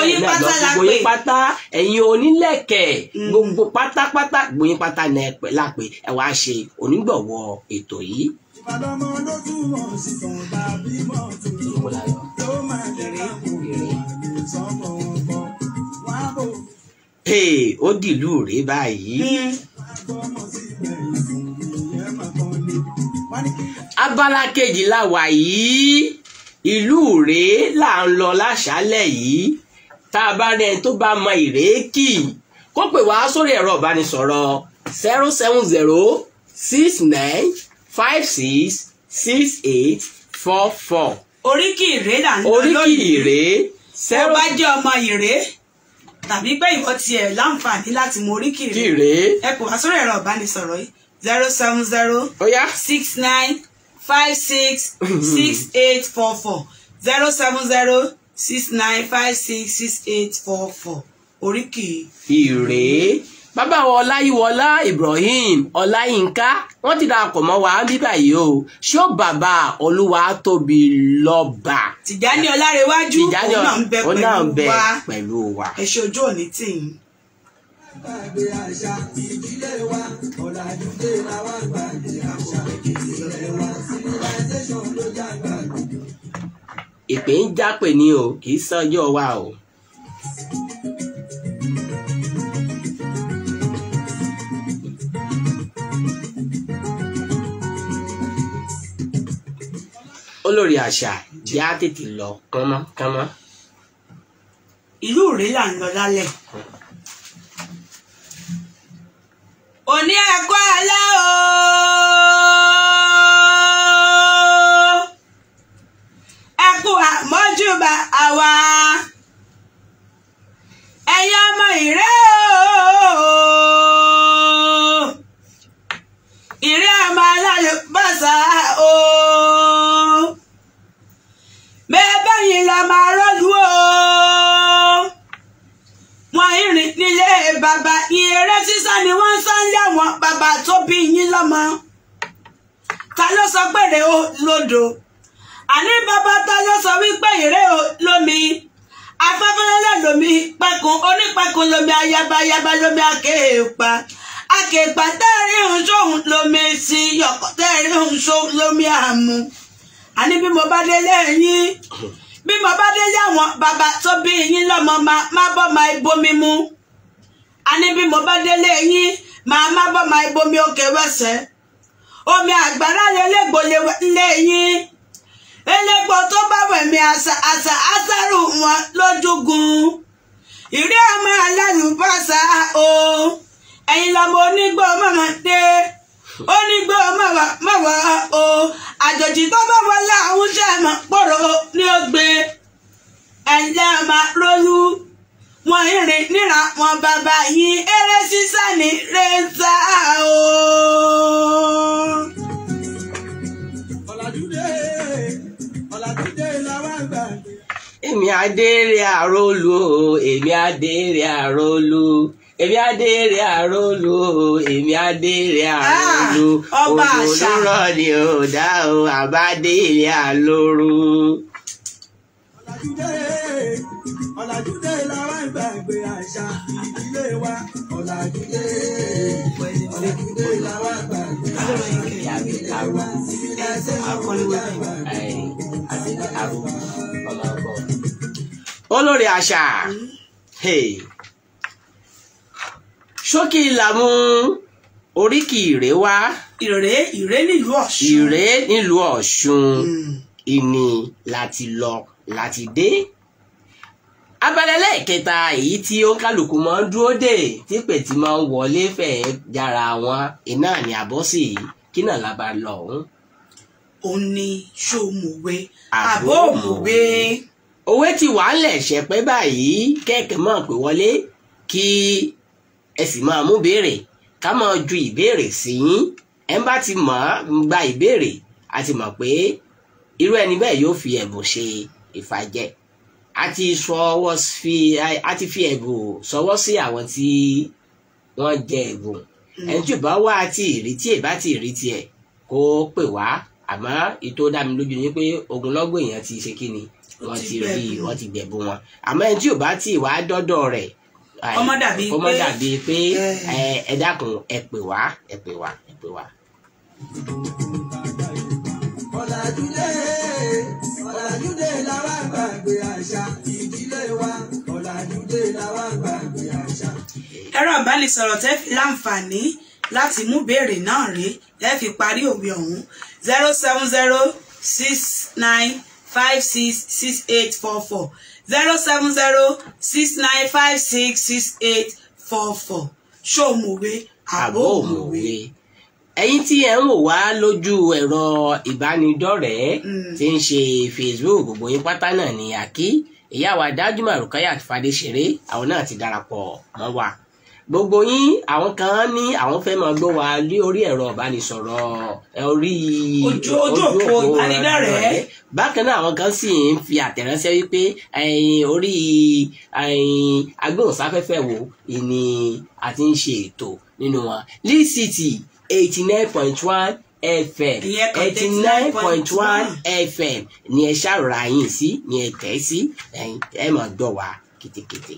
yín pátá ẹ̀yin onílẹ̀kẹ̀ mm. gbogbo pátápátá gbogbo yín pátá lápè ẹ̀ wá ṣe onígbọ̀wọ́ ètò yìí. Balọ́mọ ló túmọ̀ sí kan tàbí mọ́tò tó ó dìlú rè báyìí. abala kejì la wà yìí ìlú rèé là ń lọ láṣálẹ̀ yìí tá a bá rẹ tó bá mọ ìrèékì kó pè wá sórí ẹ̀rọ ìbánisọ̀rọ̀ zero seven zero six nine five six six eight four four. oríkì ìrè là ń lọ lónìí oríkì ìrè. ó bá jẹ́ ọmọ ìrè tàbí pé ìwọ tiẹ̀ láǹfààní láti mọ oríkì ìrè ẹ kò wá sórí ẹ̀rọ ìbánisọ̀rọ̀ yìí zero seven zero. ó yá. six nine five six six eight four four zero seven zero six nine five six six eight four four oríkì. ìrè bàbá wa ọláyíwọlá ibrahim ọláyínká wọ́n ti darapọ̀ mọ́ wa bí báyìí o ṣó bàbá olúwa tóbi lọ́ba. tìjání ọlárẹwájú òun náà ń bẹ pẹ̀lú wa ẹ ṣe ojú òní tì ń. Gbàgbé àṣà ìdílé jápè ni o kì í sanjọ́ wa o. olórí àṣà jẹ́ á tètè lọ kánmọ́kánmọ́. ìlú rẹ̀ là ń lọ lálẹ́. òní ẹ̀kọ́ alẹ́ o. ẹ̀kú àmọ́júbà àwa. ẹ̀yin ọmọ ìrẹ́ o. ìrẹ́ ọmọ alálùbọ́sà o bẹ́ẹ̀ yìí la máa rọ́jú o wọn ìrìn nílé bàbá ìrere sísá ni wọ́n ń sán lé àwọn bàbá tó bí yín lọ́mọ ta ló sọ pèrè o lódò àní bàbá ta ló sọ wípé ìrè o lomi afẹ́fẹ́lẹ́lẹ́ lómi pẹkun onípẹkun lómi ayabayaba lomi akéèpa akéèpa tẹ́ẹ̀rí ń sóhun lómi sí yọkọ̀ tẹ́ẹ̀rí ń sóhun lómi àmú àní bí mo bá délé yín bí mo bá délé àwọn bàbá tó bí yín lọ́mọ má bọ́ ma ibomi mu àní bí mo bá délé yín màá má bọ́ ma ibomi òkè wẹ̀sẹ̀ omi àgbàrá lélẹ́gbò lé yín elégbò tó bá wẹ̀mí àṣà àṣà àṣàrù wọn lójúgun ìrí ọmọ alálùbọ́sà o ẹ̀yin lọ́mọ onígbò mọ̀mọ́ dé ó ní gbọ́ má wá o àjòjì tó bá wọlé àwọn iṣẹ́ mọ̀ pọ̀rọ̀ ní ògbé ẹ̀jẹ̀ máa lóyú wọn ìrìn níra wọn bàbá yín eré sísá ní rẹ́ńtà o. èmi adé rẹ̀ àrólù èmi adé rẹ̀ àrólù èmi adére àrólù èmi adére àrólù ah, òdòdúrọ ni ò dá o àbádére àlóru. ọ̀làjú dé lára ìgbàgbé àṣà ìdílé wa ọ̀làjú dé ọ̀làjú dé lára ìgbàgbé àṣà ìdílé wa ìdílé ẹsẹ̀ ìdílé àgbà. olórí àṣà. Hey ṣókí làmú oríkì ìrè wá. ìrè ìrè nílùú ọ̀ṣun. ìrè nílùú ọ̀ṣun hmm. ìní láti lọ láti dé. abala ẹlẹ́ẹ̀kẹta èyí tí ó ń kálukú máa ń dúró dè tí pẹ̀tì máa ń wọlé fẹ̀ẹ́ jára wọn iná ní àbọ́sì kí náà la bá lọ ọ̀hún. ó ní ṣó àbó mòwe. òwe ti wàá lẹ̀ ṣẹ̀pẹ́ báyìí kẹ́kẹ́ mọ̀ pé wọlé kí ẹ sì máa mú béèrè ká máa ju ìbéèrè sí yín ẹ bá ti mọ̀ ọ́ gba ìbéèrè a ti mọ̀ pé irú ẹni bẹ́ẹ̀ yóò fi ẹ̀bùn ṣe ìfàjẹ a ti fi a ti fi ẹ̀bùn sọwọ́ sí àwọn tí wọ́n jẹ ẹ̀bùn hmm. ẹni tí ò bá wá àti ìrètí ẹ̀ bá ti ìrètí ẹ̀ kó pè wá àmọ́ ètò dámi lójú ni pé ogunlọ́gbọ̀n èèyàn ti ṣe kí ni wọ́n ti rí wọ́n ti gbẹ̀bùn wọn àmọ́ ẹni tí ò bá ti wá dọ́dọ̀ rẹ̀ ọmọ dàbí pé ọmọ dàbí pé eh. Eh, ẹ dákun ẹ pè wá ẹ pè wá ẹ pè wá. ọ̀làjúdé ọ̀làjúdé làwa gbàgbé àṣà ìdílé wa ọ̀làjúdé làwa gbàgbé àṣà. ẹ̀rọ ìbánisọ̀rọ̀ tẹ́ fi láǹfààní láti mú béèrè náà rí ẹ fi parí òwe ọ̀hún zero seven zero six nine five six six eight four four zero seven zero six nine five six six eight four four ṣó o mòwe àbó o mòwe. ẹ̀yin tí ẹ ń wò wá lójú ẹ̀rọ ìbánidọ́rẹ̀ẹ́ mm. tí ń ṣe Facebook gbogbo yín pátá náà ni àkí ìyá wa Dájúmọ̀ Rùkáyà Fadéṣeré àwọn náà ti darapọ̀ mọ́ wa gbogbo yín àwọn kan ní àwọn fẹ́ máa gbọ́ wa lé orí ẹ̀rọ ìbánisọ̀rọ̀ orí ojú òpó ìbánidọ́rẹ̀ẹ́ bákan náà àwọn kan sì ń fi àtẹ̀ránṣẹ́ wípé orí agbóhùnsáfẹ́fẹ́ wo ni a ti ń ṣe ètò nínú wọn LeeCity eighty nine point one fm eighty nine point one fm ni ẹ ṣàròyìn sí ni ẹ tẹ̀ sí ẹ máa gbọ́ wa kìtìkìtì.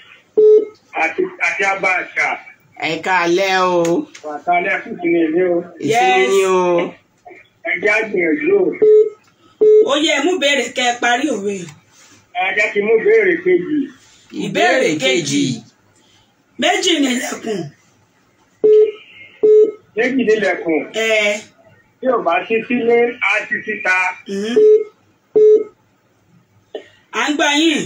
àti abáàṣà. ẹ káalẹ́ o. àkàlẹ́ fúnfin èmi o. ìsinmi ni o. ẹ jẹ́ àgbìyànjú o. ó yẹ mú béèrè kẹ́ ẹ parí òwe. ẹ jẹ́ kí n mú béèrè kejì. ìbéèrè kejì. méjì nílẹ̀kùn. méjì nílẹ̀kùn. ẹ. tí ò bá sí sílé á ti síta. à ń gbà yín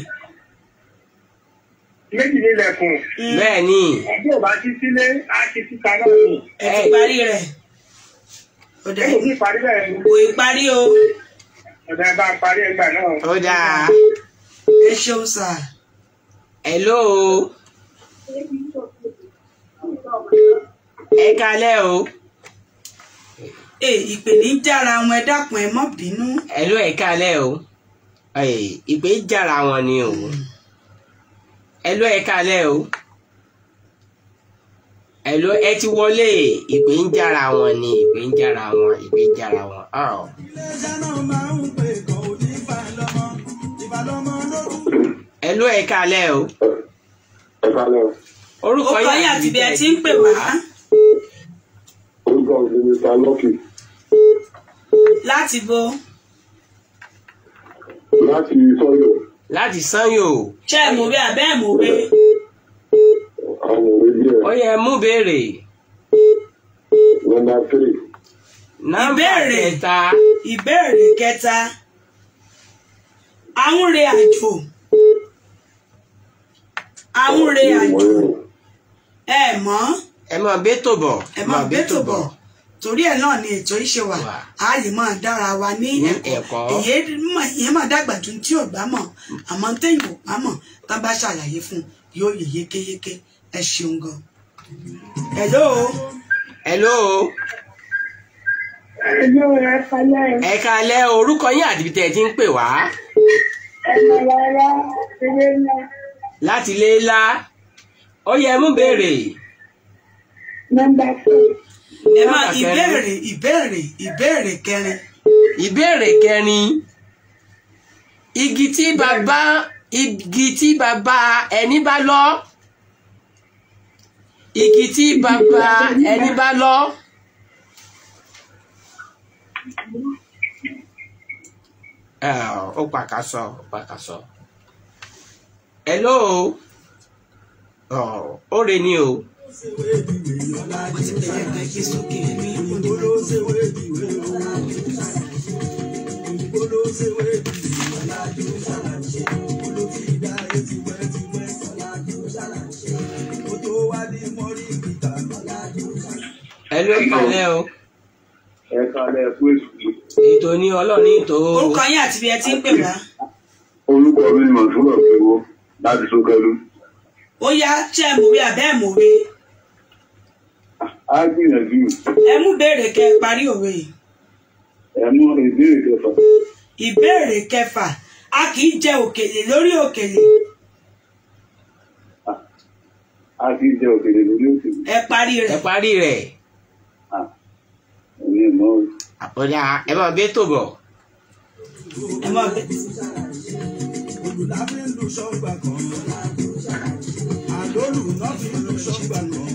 méjì nílẹ̀kùn. Hmm. bẹ́ẹ̀ ni. bí o bá ti sílé á ti síta náà ni. Hmm. ẹ ti parí rẹ̀. ó dà kò ìparí rẹ̀. kò ìparí o. ọ̀dà bá a parí ẹgbà náà. ó dà. ẹ ṣeun sà. hello. ẹ kalẹ̀ o. ẹ ìpèníjára wọn ẹ dákun ẹ má bínú. hello ẹ kalẹ̀ o. ìpèníjára wọn ni o. Mm ẹ̀lọ́ ẹ̀ kalẹ̀ o ẹ̀lọ́ ẹ ti wọlé ìpè ń jára wọn ni ìpè ń jára wọn ìpè ń jára wọn. ẹ̀lọ́ ẹ̀ kalẹ̀ o. orúkọ yìí àti ibi ẹ ti ń pè wá. orúkọ mi ni Sanoki. láti bo. láti sọyọ láti Sanyo. ṣé ẹ mú bẹ abẹ ẹ mú bẹ. ó yẹ mú béèrè. nọ́mbà tírì. nọ́mbà kẹta. ìbéèrè kẹta. àwúre àjò. àwúre àjò. ẹ mọ̀. ẹ mọ̀ bẹ́tò bọ̀. ẹ mọ̀ bẹ́tò bọ̀ torí ẹ̀ náà ni ètò ìṣe wà ààyè máa dára wa ní ẹ̀kọ́ èyí máa dàgbà tún tí ò bá mọ̀ àmọ́ téèyàn ò bá mọ̀ tán bá ṣàlàyé fún yóò yè yékéyéké ẹ ṣeun gan. hello. hello. hello ẹ kalẹ́. ẹ kalẹ́ orúkọ yín àti ibi tẹ́ ẹ ti ń pè wá. ẹ lọ rárá ilé ńlá. láti ilé ńlá ó yẹ mú béèrè. nọ́mbà two ẹ má ìbéèrè ìbéèrè ìbéèrè kẹrin. ìbéèrè kẹrin igi tí bàbá igi tí bàbá ẹni bá lọ igi tí bàbá ẹni bá lọ. ó pàkà sọ ó pàkà sọ. hello ó rè ni o. Oh, wọ́n ti pè é ká ike sókè ní ìmúdí ẹ ló ń pẹ̀lẹ́ o. ẹ kalẹ̀ ẹ kú èsì. ètò ní ọlọ́ọ̀ni ètò. orúkọ yín àti bí ẹ ti ń pè wá. orúkọ mi ni màtúwà pẹ̀lú láti sókẹ́lú. ó yá ṣe é mòwe àbẹ́ mòwe á gbìyànjú. ẹ mú béèrè kẹ parí òwe yìí. ẹ mú ìbéèrè kẹfà. ìbéèrè kẹfà a kì í jẹ òkèlè lórí òkèlè. a kì í jẹ òkèlè lórí òkèlè. ẹ parí rẹ. ẹ parí rẹ. èmi ò mọ. àpọ̀jà ẹ máa bẹ́ tó bọ̀. ẹ máa bẹ́ tó bọ̀ olùdábí ń lu sọ́gbà kan àdólù náà fi lu sọ́gbà kan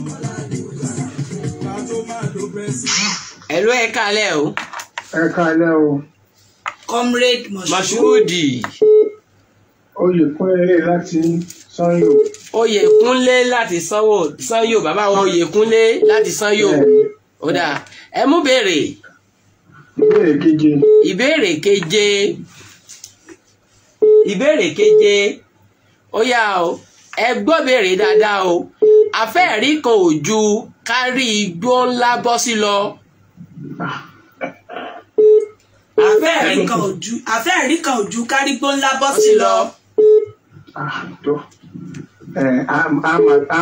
ẹ̀lú ẹ kalẹ̀ o. ẹ kalẹ̀ o. comrade Mashood. Oyèkúnlé láti Sanyo. Oyèkúnlé láti Sanyo baba. wa Oyèkúnlé láti Sanyo ọ̀dà ẹ mú béèrè. ìbéèrè keje. ìbéèrè keje. ìbéèrè keje. ó yá o ẹ gbọ́ béèrè dáadáa o àfẹ́ẹ̀rí kan ò ju kárí igbó ńlá bọ́ sí lọ. àfẹ́ ẹ̀rí kan ojú kárí igbó ńlá bọ́ sí lọ. Ah, eh, a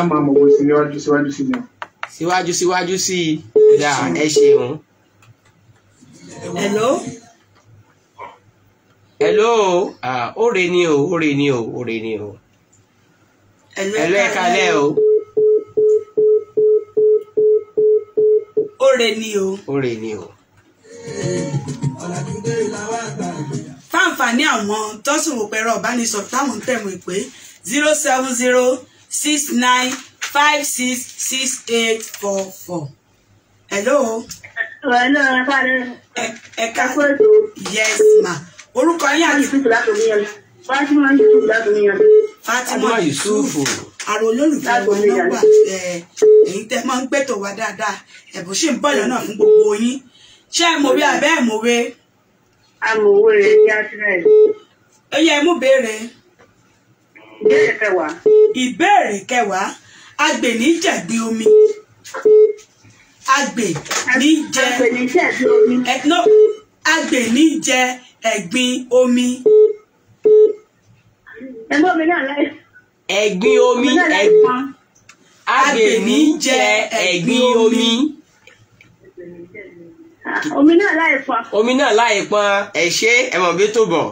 máa mọ̀ wọ́n síwájú síwájú sí ni. síwájú síwájú sí i dá ẹ ṣeun. hello. hello ah, ó re ni o ó ni o ó ni o. hello ẹ̀ka lẹ́ o. Hello. rè ni o. ó ni o. fáǹfààní àwọn tó sì wò táwọn tẹ̀wọ̀n pé zero seven zero six nine five six six eight four four. hello. hello ẹ káre. ẹ ká yes ma orúkọ yín àti. Fatima Yusuf láti Fatima Yusuf. Aro olólùfẹ́ wa nọ́mbà ẹ̀yin tẹ́ máa ń dáadáa ẹ̀bùn ṣì ń bọ̀ lọ́nà fún gbogbo yín ṣé ẹ mòwe ẹ ní ó yẹ mú béèrè. kẹwàá. ìbéèrè kẹwàá agbè ní omi agbè ní jẹ agbè ní jẹ omi. ẹ̀gbọ́n mi náà láì. ẹ̀gbin omi ẹ̀gbin agbèmí jẹ ẹ̀gbin omi. Ah, omi náà láì pọn. omi náà láì pọn ẹ ṣé ẹ mọ̀ bí tó bọ̀.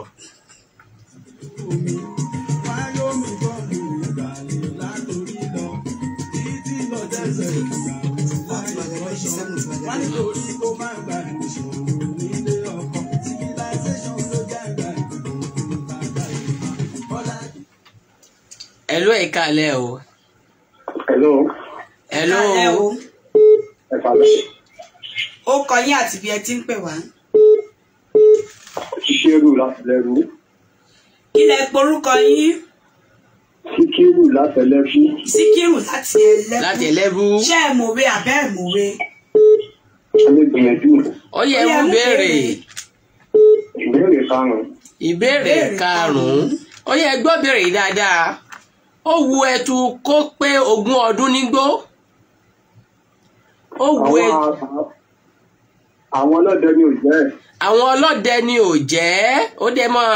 hello ẹ kálẹ́ o. hello. hello. kálẹ́ o. ẹ kálẹ́. ó kọ yín àti bí ẹ ti ń pè wá. ṣíṣerú láti lẹ́rú. kí lẹ porúkọ yín. síkírù láti ẹlẹ́bú. síkírù láti ẹlẹ́bú. láti ẹlẹ́bú. ṣé ẹ mòwe àbẹ́ ẹ mòwe. a lè gbìyànjú. ó yẹ mú béèrè. ìbéèrè karùn-ún. ìbéèrè karùn-ún ó yẹ gbọ́ béèrè dáadáa ó wu ẹtu kó pé ogún ọdún nígbó ó wu ẹtu. àwọn ọlọ́dẹ ni ò jẹ́ ẹ̀. àwọn ọlọ́dẹ ni ò jẹ́ ó dẹ̀ mọ́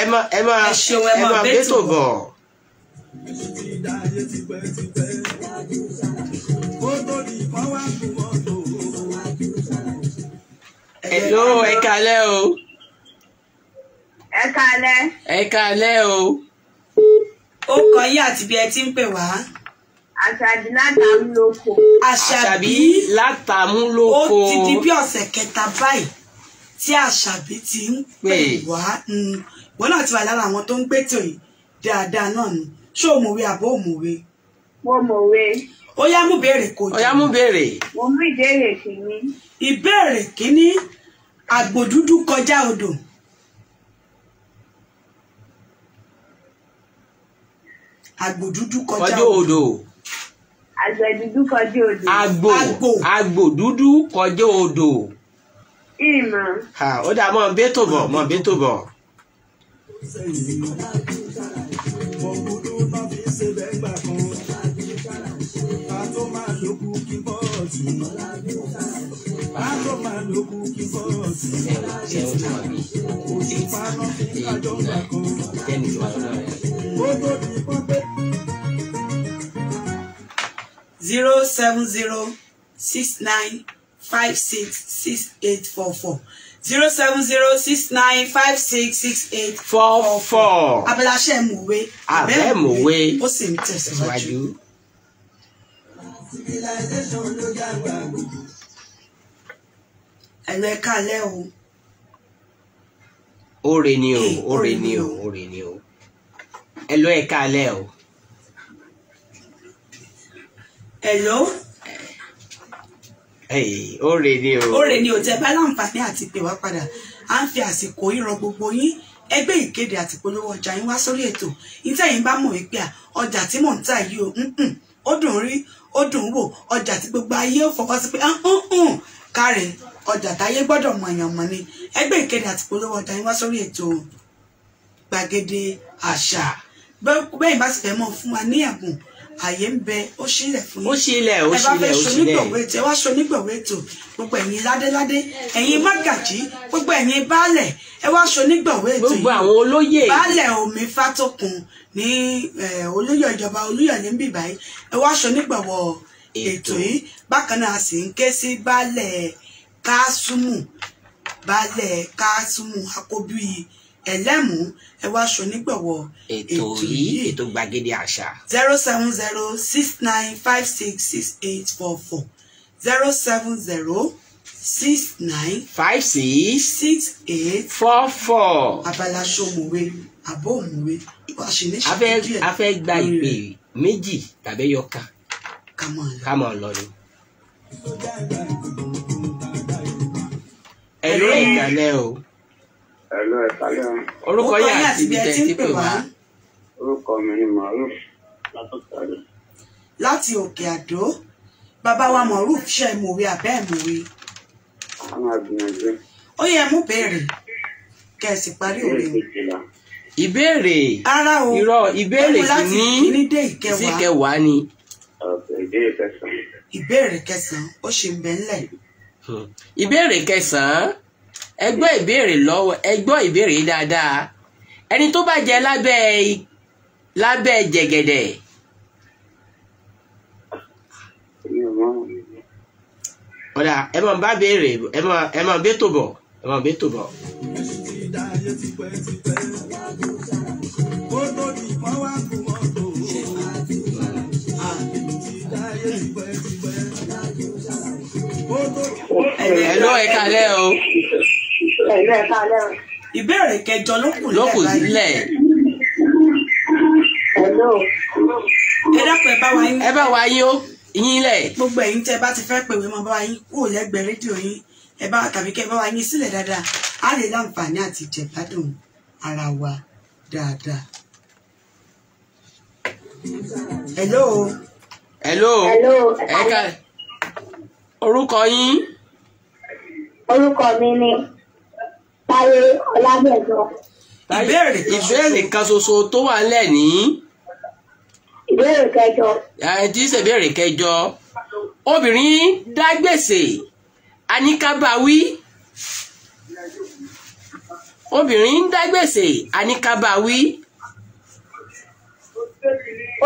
ẹ mọ́ bẹ́tò bọ̀. Hello, ẹ kálẹ́ o. ẹ kálẹ́. ẹ kálẹ́ o ó kọ yín àti bí ẹ ti ń pè wá. Àṣàbí látàmú lóko. Àṣàbí Ó ti di bí ọ̀sẹ̀ kẹta báyìí tí Àṣàbí ti ń pè wá. Hmm. Ìwọ náà ti wà lára àwọn tó ń gbé tòyìn dáadáa náà ni. Ṣé o mọ̀wé àbó o mọ̀wé? Mo mọ̀wé. Ó yá mú béèrè kò jù. Ó yá mú béèrè. Mo mú ìbéèrè kìíní. Ìbéèrè kìíní àgbò dúdú kọjá odò. Agbo dúdú kọjá odò Agbo dúdú kọjá odò Agbo. Agbo dúdú kọjá odò. ìmọ̀. ó dà mọ́ bẹ́tò bọ̀ mọ́ bẹ́tò bọ̀. Gbogbo ti zero seven zero six nine five six six eight four four zero seven zero six nine five six six eight four four abẹ́láṣẹ́ mòwe abẹ́ mòwe ó sì ń tẹ̀síwájú. ẹ̀rọ ẹ̀ka alẹ́ o. ó re ni o ó re ni o ó re ni o ẹ̀rọ ẹ̀ka alẹ́ o hello. ó rè ni o. ó rè ni o tẹ bá láǹfààní àti pè wá padà à ń fi àsìkò ìran gbogbo yín ẹgbẹ́ ìkéde àti polówó ọjà yín wá sórí ètò ìtẹ̀yìn bá mọ̀ wípé ọjà tí mò ń tà yìí o ó dùn rí ó dùn wò ọjà tí gbogbo ayé ó fọwọ́ sí pé ah, kárẹ̀ ọjà táyé gbọ́dọ̀ mọ̀ èèyàn mọ̀ ni ẹgbẹ́ ìkéde àti polówó ọjà yín wá sórí ètò gbàgede àṣà bẹ́ẹ̀ bá sì fẹ́ mọ̀ fún wa ní ẹ̀bùn àyè ń bẹ ó sílẹ̀ fún yín ó sílẹ̀ ó sílẹ̀ ó sílẹ̀ ẹ bá fẹ́ sonígbọ̀wé ètò ẹ wá sonígbọ̀wé ètò gbogbo ẹ̀yin ládéládé ẹ̀yin mágàjí gbogbo ẹ̀yin baálẹ̀ ẹ wá sonígbọ̀wé ètò yìí gbogbo àwọn olóyè baálẹ̀ omi fátokùn ní olóyè ìjọba olóyè ní bíbáyìí ẹ wá sonígbọ̀wọ́ ètò yìí bákan náà sì ń ké sí baálẹ̀ káásùmù baálẹ̀ káásùmù akóbíyìí ẹlẹ́mú ẹ wá aṣọ nígbọ̀wọ́ ètò yìí ètò gbàgede àṣà. zero seven zero six nine five six six eight four four zero seven zero six nine five six six eight four four. abala ṣòmùwé àbòmùwé àṣìníṣàkóso díẹ̀. a fẹ́ gba ìpè méjì tàbí yọkan ká mọ̀ lọ ni. ẹ̀rọ ìkàlẹ̀ o ẹ̀lú ẹ̀ka lẹ́wọ̀n. orúkọ yín àti ibi tẹ̀ ti pè wá. orúkọ mi ni maruf látòkèrè. láti òkè àdó bàbá wa maruf ṣe ìmòwe àbẹ́ ìmòwe. a máa gbìyànjú. ó yẹ mú béèrè kẹsì parí òwe o. ìbéèrè ara o irọ́ ìbéèrè kìíní sí kẹwàá ni. ìbéèrè kẹsàn-án ó ṣe ń bẹ hmm. ìbéèrè kẹsàn-án ẹ gbọ́ ìbéèrè lọ́wọ́ ẹ gbọ́ ìbéèrè dáadáa ẹni tó bá jẹ lábẹ́ lábẹ́ jẹ̀gẹ̀dẹ̀. ọ̀dà ẹ máa bá béèrè ẹ máa ẹ máa bẹ́tò bọ̀ ẹ máa bẹ́tò bọ̀. Hello, ẹ kálẹ́ o ìbéèrè kẹjọ ló kù sílẹ̀. ẹ dákun ẹ bá wa yín. ẹ bá wa yín ó yín lẹ̀. gbogbo ẹ̀yin tẹ́ bá ti fẹ́ pèwé mọ́ bá wa yín kúrò lẹ́gbẹ̀ẹ́ rédíò yín ẹ bá tàbí kẹ́ bá wa yín sílẹ̀ dáadáa á lè láǹfààní àti jẹ̀gbádùn ara wa dáadáa. hello. hello. ẹ̀ka orúkọ yín. orúkọ mi ni Táyé Ọlábẹ̀jọ. Ìbéèrè ìbéèrè kan ṣoṣo tó wà nílẹ̀ ní. Ìbéèrè kẹjọ. Àìtí ṣèbéèrè kẹjọ. Obìnrin dá gbèsè àníkábáwí. Obìnrin ń dá gbèsè àníkábáwí.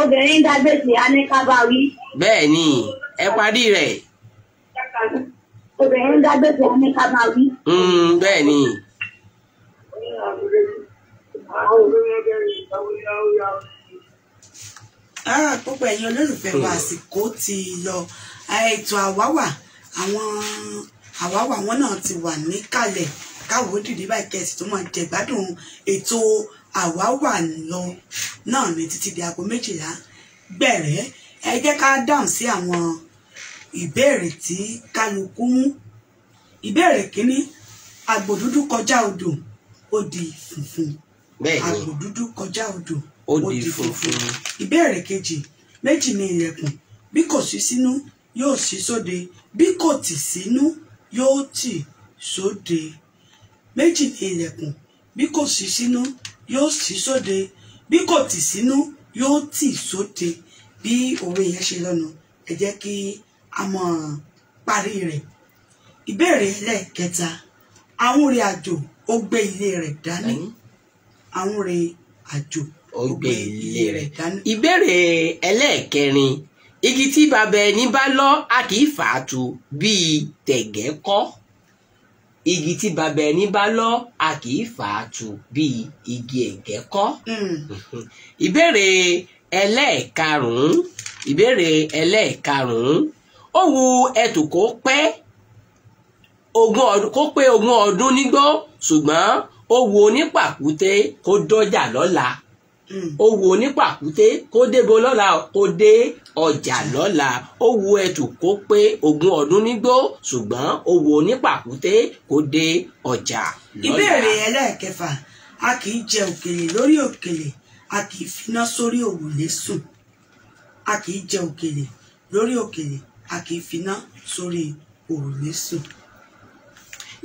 Obìnrin ń dá gbèsè àníkábáwí. Bẹ́ẹ̀ ni, ẹ parí rẹ̀. Obìnrin ń dá gbèsè àníkábáwí. Mm, bẹ́ẹ̀ ah, púpọ̀ ẹ̀yin olólùfẹ́ wa hmm. àsìkò ti lọ ah, ètò àwáwà àwọn àwáwà wọn náà ti wà níkàlẹ̀ káwọ́ dìde báyìí kẹ́sì tó máa jẹ̀gbádùn ètò àwáwà lọ náà ní títí di aago méjìlá gbẹ̀rẹ́ ẹ jẹ́ ká dáhùn sí àwọn ìbéèrè tí kálukú mú ìbéèrè kínní àgbò dúdú kọjá odò ó di funfun àgbò dúdú kọjá odò ó di funfun. ìbéèrè kejì méjì ni ìrẹ̀kùn bí kò sí sínú yóò sí sóde bí kò tì sínú yóò tì sóde méjì ni ìrẹ̀kùn bí kò sí sínú yóò sí sóde bí kò tì sínú yóò tì sóde bí òwe yẹn ṣe lọ́nu ẹ jẹ́ kí a mọ̀ parí rẹ̀ ìbéèrè ẹlẹ́ẹ̀kẹta àwọn ìrìn àjò ó gbé ilé rẹ̀ dání. Mm -hmm àwọn rìn àjò ògbé ilé rẹ̀ dání. ìbéèrè ẹlẹ́ẹ̀kẹrin igi tí bàbá ẹni bá lọ́ a kì í fà á tu bíi tẹ̀gẹ́ kọ́ igi tí bàbá ẹni bá lọ́ a kì í fà á tu bíi igi ẹ̀gẹ́ kọ́. Hmm. ìbéèrè ẹlẹ́ẹ̀karùn-ún ìbéèrè ẹlẹ́ẹ̀karùn-ún ó wu ẹtù kó pé ogún ọdún kó pé ogún ọdún nígbó ṣùgbọ́n ó wo onípàkúté kó dọ́jà lọ́la ó wo onípàkúté kó débo lọ́la kó dé ọjà lọ́la ó wo ẹtù kó pé ogún ọdún nígbó ṣùgbọ́n ó wo onípàkúté kó dé ọjà lọ́la. ìbéèrè ẹlẹ́ẹ̀kẹfà a kì í jẹ òkèlè lórí òkèlè a kì í finá sórí òrùlé sùn a kì í jẹ òkèlè lórí òkèlè a kì í finá sórí òrùlé sùn.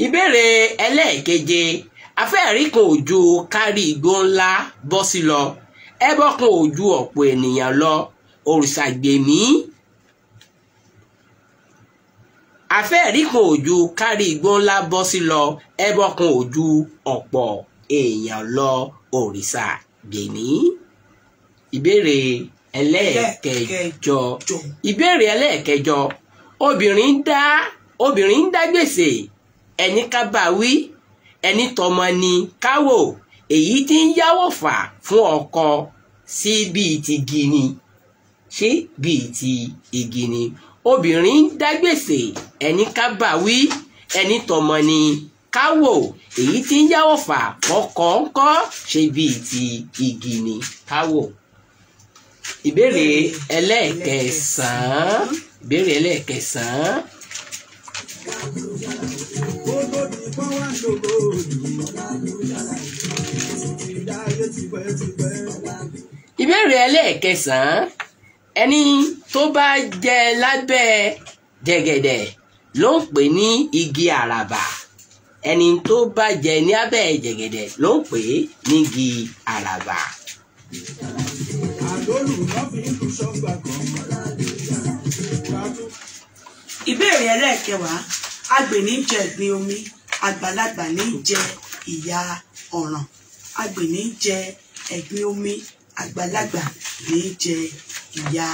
ìbéèrè ẹlẹ́ẹ̀keje afẹ́ẹ̀rí kan ò ju kárí igbó ńlá bọ́ sí lọ ẹbọ kan ò ju ọ̀pọ̀ ènìyàn lọ òrìṣàgbèmí afẹ́ẹ̀rí kan ò ju kárí igbó ńlá bọ́ sí lọ ẹbọ kan ò ju ọ̀pọ̀ èèyàn lọ òrìṣàgbèmí ìbéèrè ẹlẹ́ẹ̀kẹjọ ìbéèrè ẹlẹ́ẹ̀kẹjọ obìnrin dá obìnrin dá gbèsè ẹni ká ẹni tọmọ ni káwò èyí tí ń yáwó fà fún ọkọ sí bíi ti igi ni ṣé bíi ti igi ni obìnrin ń dá gbèsè ẹni ká bà wí ẹni tọmọ ni káwò èyí tí ń yáwó fà fọkọ ńkọ́ ṣe bíi ti igi ni káwò ìbéèrè ẹlẹ́ẹ̀kẹsàn-án ìbéèrè ẹlẹ́ẹ̀kẹsàn-án wọ́n wá ṣògo ìbéèrè ẹlẹ́ẹ̀kẹsàn-án ẹni tó bá jẹ lábẹ́ jẹ̀gẹ̀dẹ̀ ló ń pè ní igi àràbà ẹni tó bá jẹ ní abẹ́ jẹ̀gẹ̀dẹ̀ ló ń pè ní igi àràbà. ìbéèrè ẹlẹ́ẹ̀kẹwàá agbè ní jẹ̀gbin omi àgbàlagbà ní í jẹ ìyà ọ̀ràn agbè ní í jẹ ẹ̀gbin omi àgbàlagbà ní í jẹ ìyà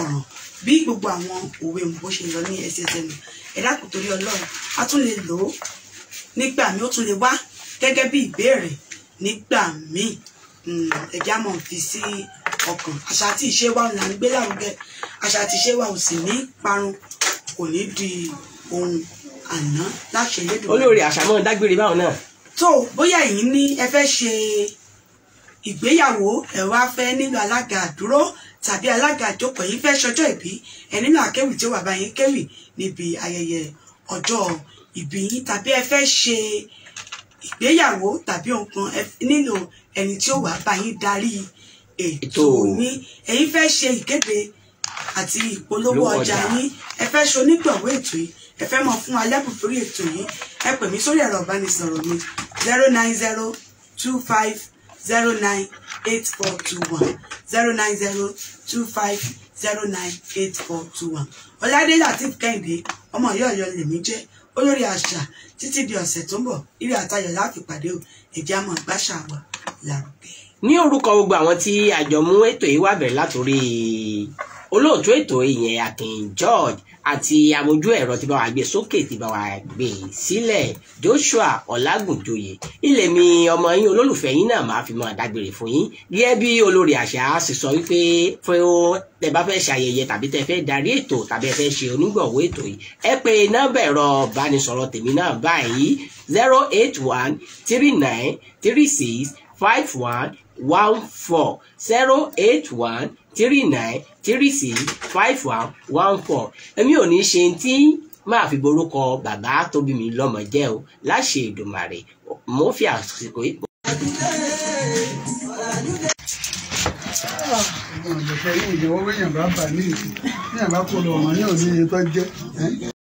ọ̀ràn bí gbogbo àwọn òwe òyìnbó ṣe lọ ní ẹsẹ̀ ẹsẹ̀ nù ẹ̀dá kò torí ọlọ́run a tún lè lò ó nígbà míì ó tún lè wá gẹ́gẹ́ bí ìbéèrè nígbà míì hmm, ẹ̀já mọ̀ fi sí ọkàn àṣà àti ìṣe wa là ń gbé lárugẹ àṣà àti ìṣe wa ò sì ní parun kò ní di ohun àná láṣẹ lédùn. olórí àṣàmọ́ dágbére báwọn náà. tó bóyá yìí ní ẹ fẹ́ ṣe ìgbéyàwó ẹ wá fẹ́ nílò alága àdúró tàbí alága àjọpọ̀ yìí fẹ́ ṣọjọ́ ìbí ẹ nílò akéwì tí ó wà báyìí kéwì níbi ayẹyẹ ọjọ́ ìbí yín tàbí ẹ fẹ́ ṣe ìgbéyàwó tàbí nǹkan ẹ nílò ẹni tí ó wà báyìí darí ètò ní ẹ̀yin fẹ́ ṣe ìkéde àti ìpolówó ọjà yín ẹ fẹ́ ṣe onígbọ̀wọ́ ètò yìí ẹ fẹ́ mọ̀ fún alẹ́bùn torí ètò yìí ẹ pè mí sórí ẹ̀rọ ìbánisọ̀rọ̀ mi zero nine zero two five zero nine eight four two one zero nine zero two five zero nine eight four two one ọ̀làdé latif kẹ́hìndé ọmọ yọ̀ọ̀yọ̀ lèmi jẹ́ olórí àṣà títí di ọ̀sẹ̀ tó ń bọ̀ ilé àtayọ̀ láti pàdé o ẹ̀jẹ̀ àmọ́ ìgbàṣà wa lárugẹ. ní orúkọ gbogbo àwọn tí àjọ mú ètò yìí wá bẹ̀rẹ̀ látòrí olóòtú ètò ìyẹn Akin George àti amójú ẹ̀rọ tí bá wà gbé sókè tí bá wà gbé sílẹ̀ Joshua Ọlágùnjoyè ilé mi ọmọ yín olólùfẹ́ yín náà máa fi máa dágbére fún yín gẹ́gẹ́ bí olórí àṣà sì sọ wípé fún tẹ bá fẹ́ ṣàyẹyẹ tàbí tẹ fẹ́ darí ètò tàbí ẹ fẹ́ ṣe onígbọ̀wọ́ ètò yìí ẹ pè nọ́mbà ẹ̀rọ ìbánisọ̀rọ̀ tèmi náà báyìí zero eight one three nine three six five one one four zero eight one three nine three six five one one four èmi ò ní ṣe tí máa fi borúkọ bàbá tó bí mi lọ́mọ jẹ́ o láṣẹ Èdùmàrè mo fi àsìkò ipò. àwọn àjọṣe yìí ìjọwọ́ wẹ̀yàn bá ní ìsìn ní àbá kó lọ ọ̀mọ́ yóò ní iye tó jẹ́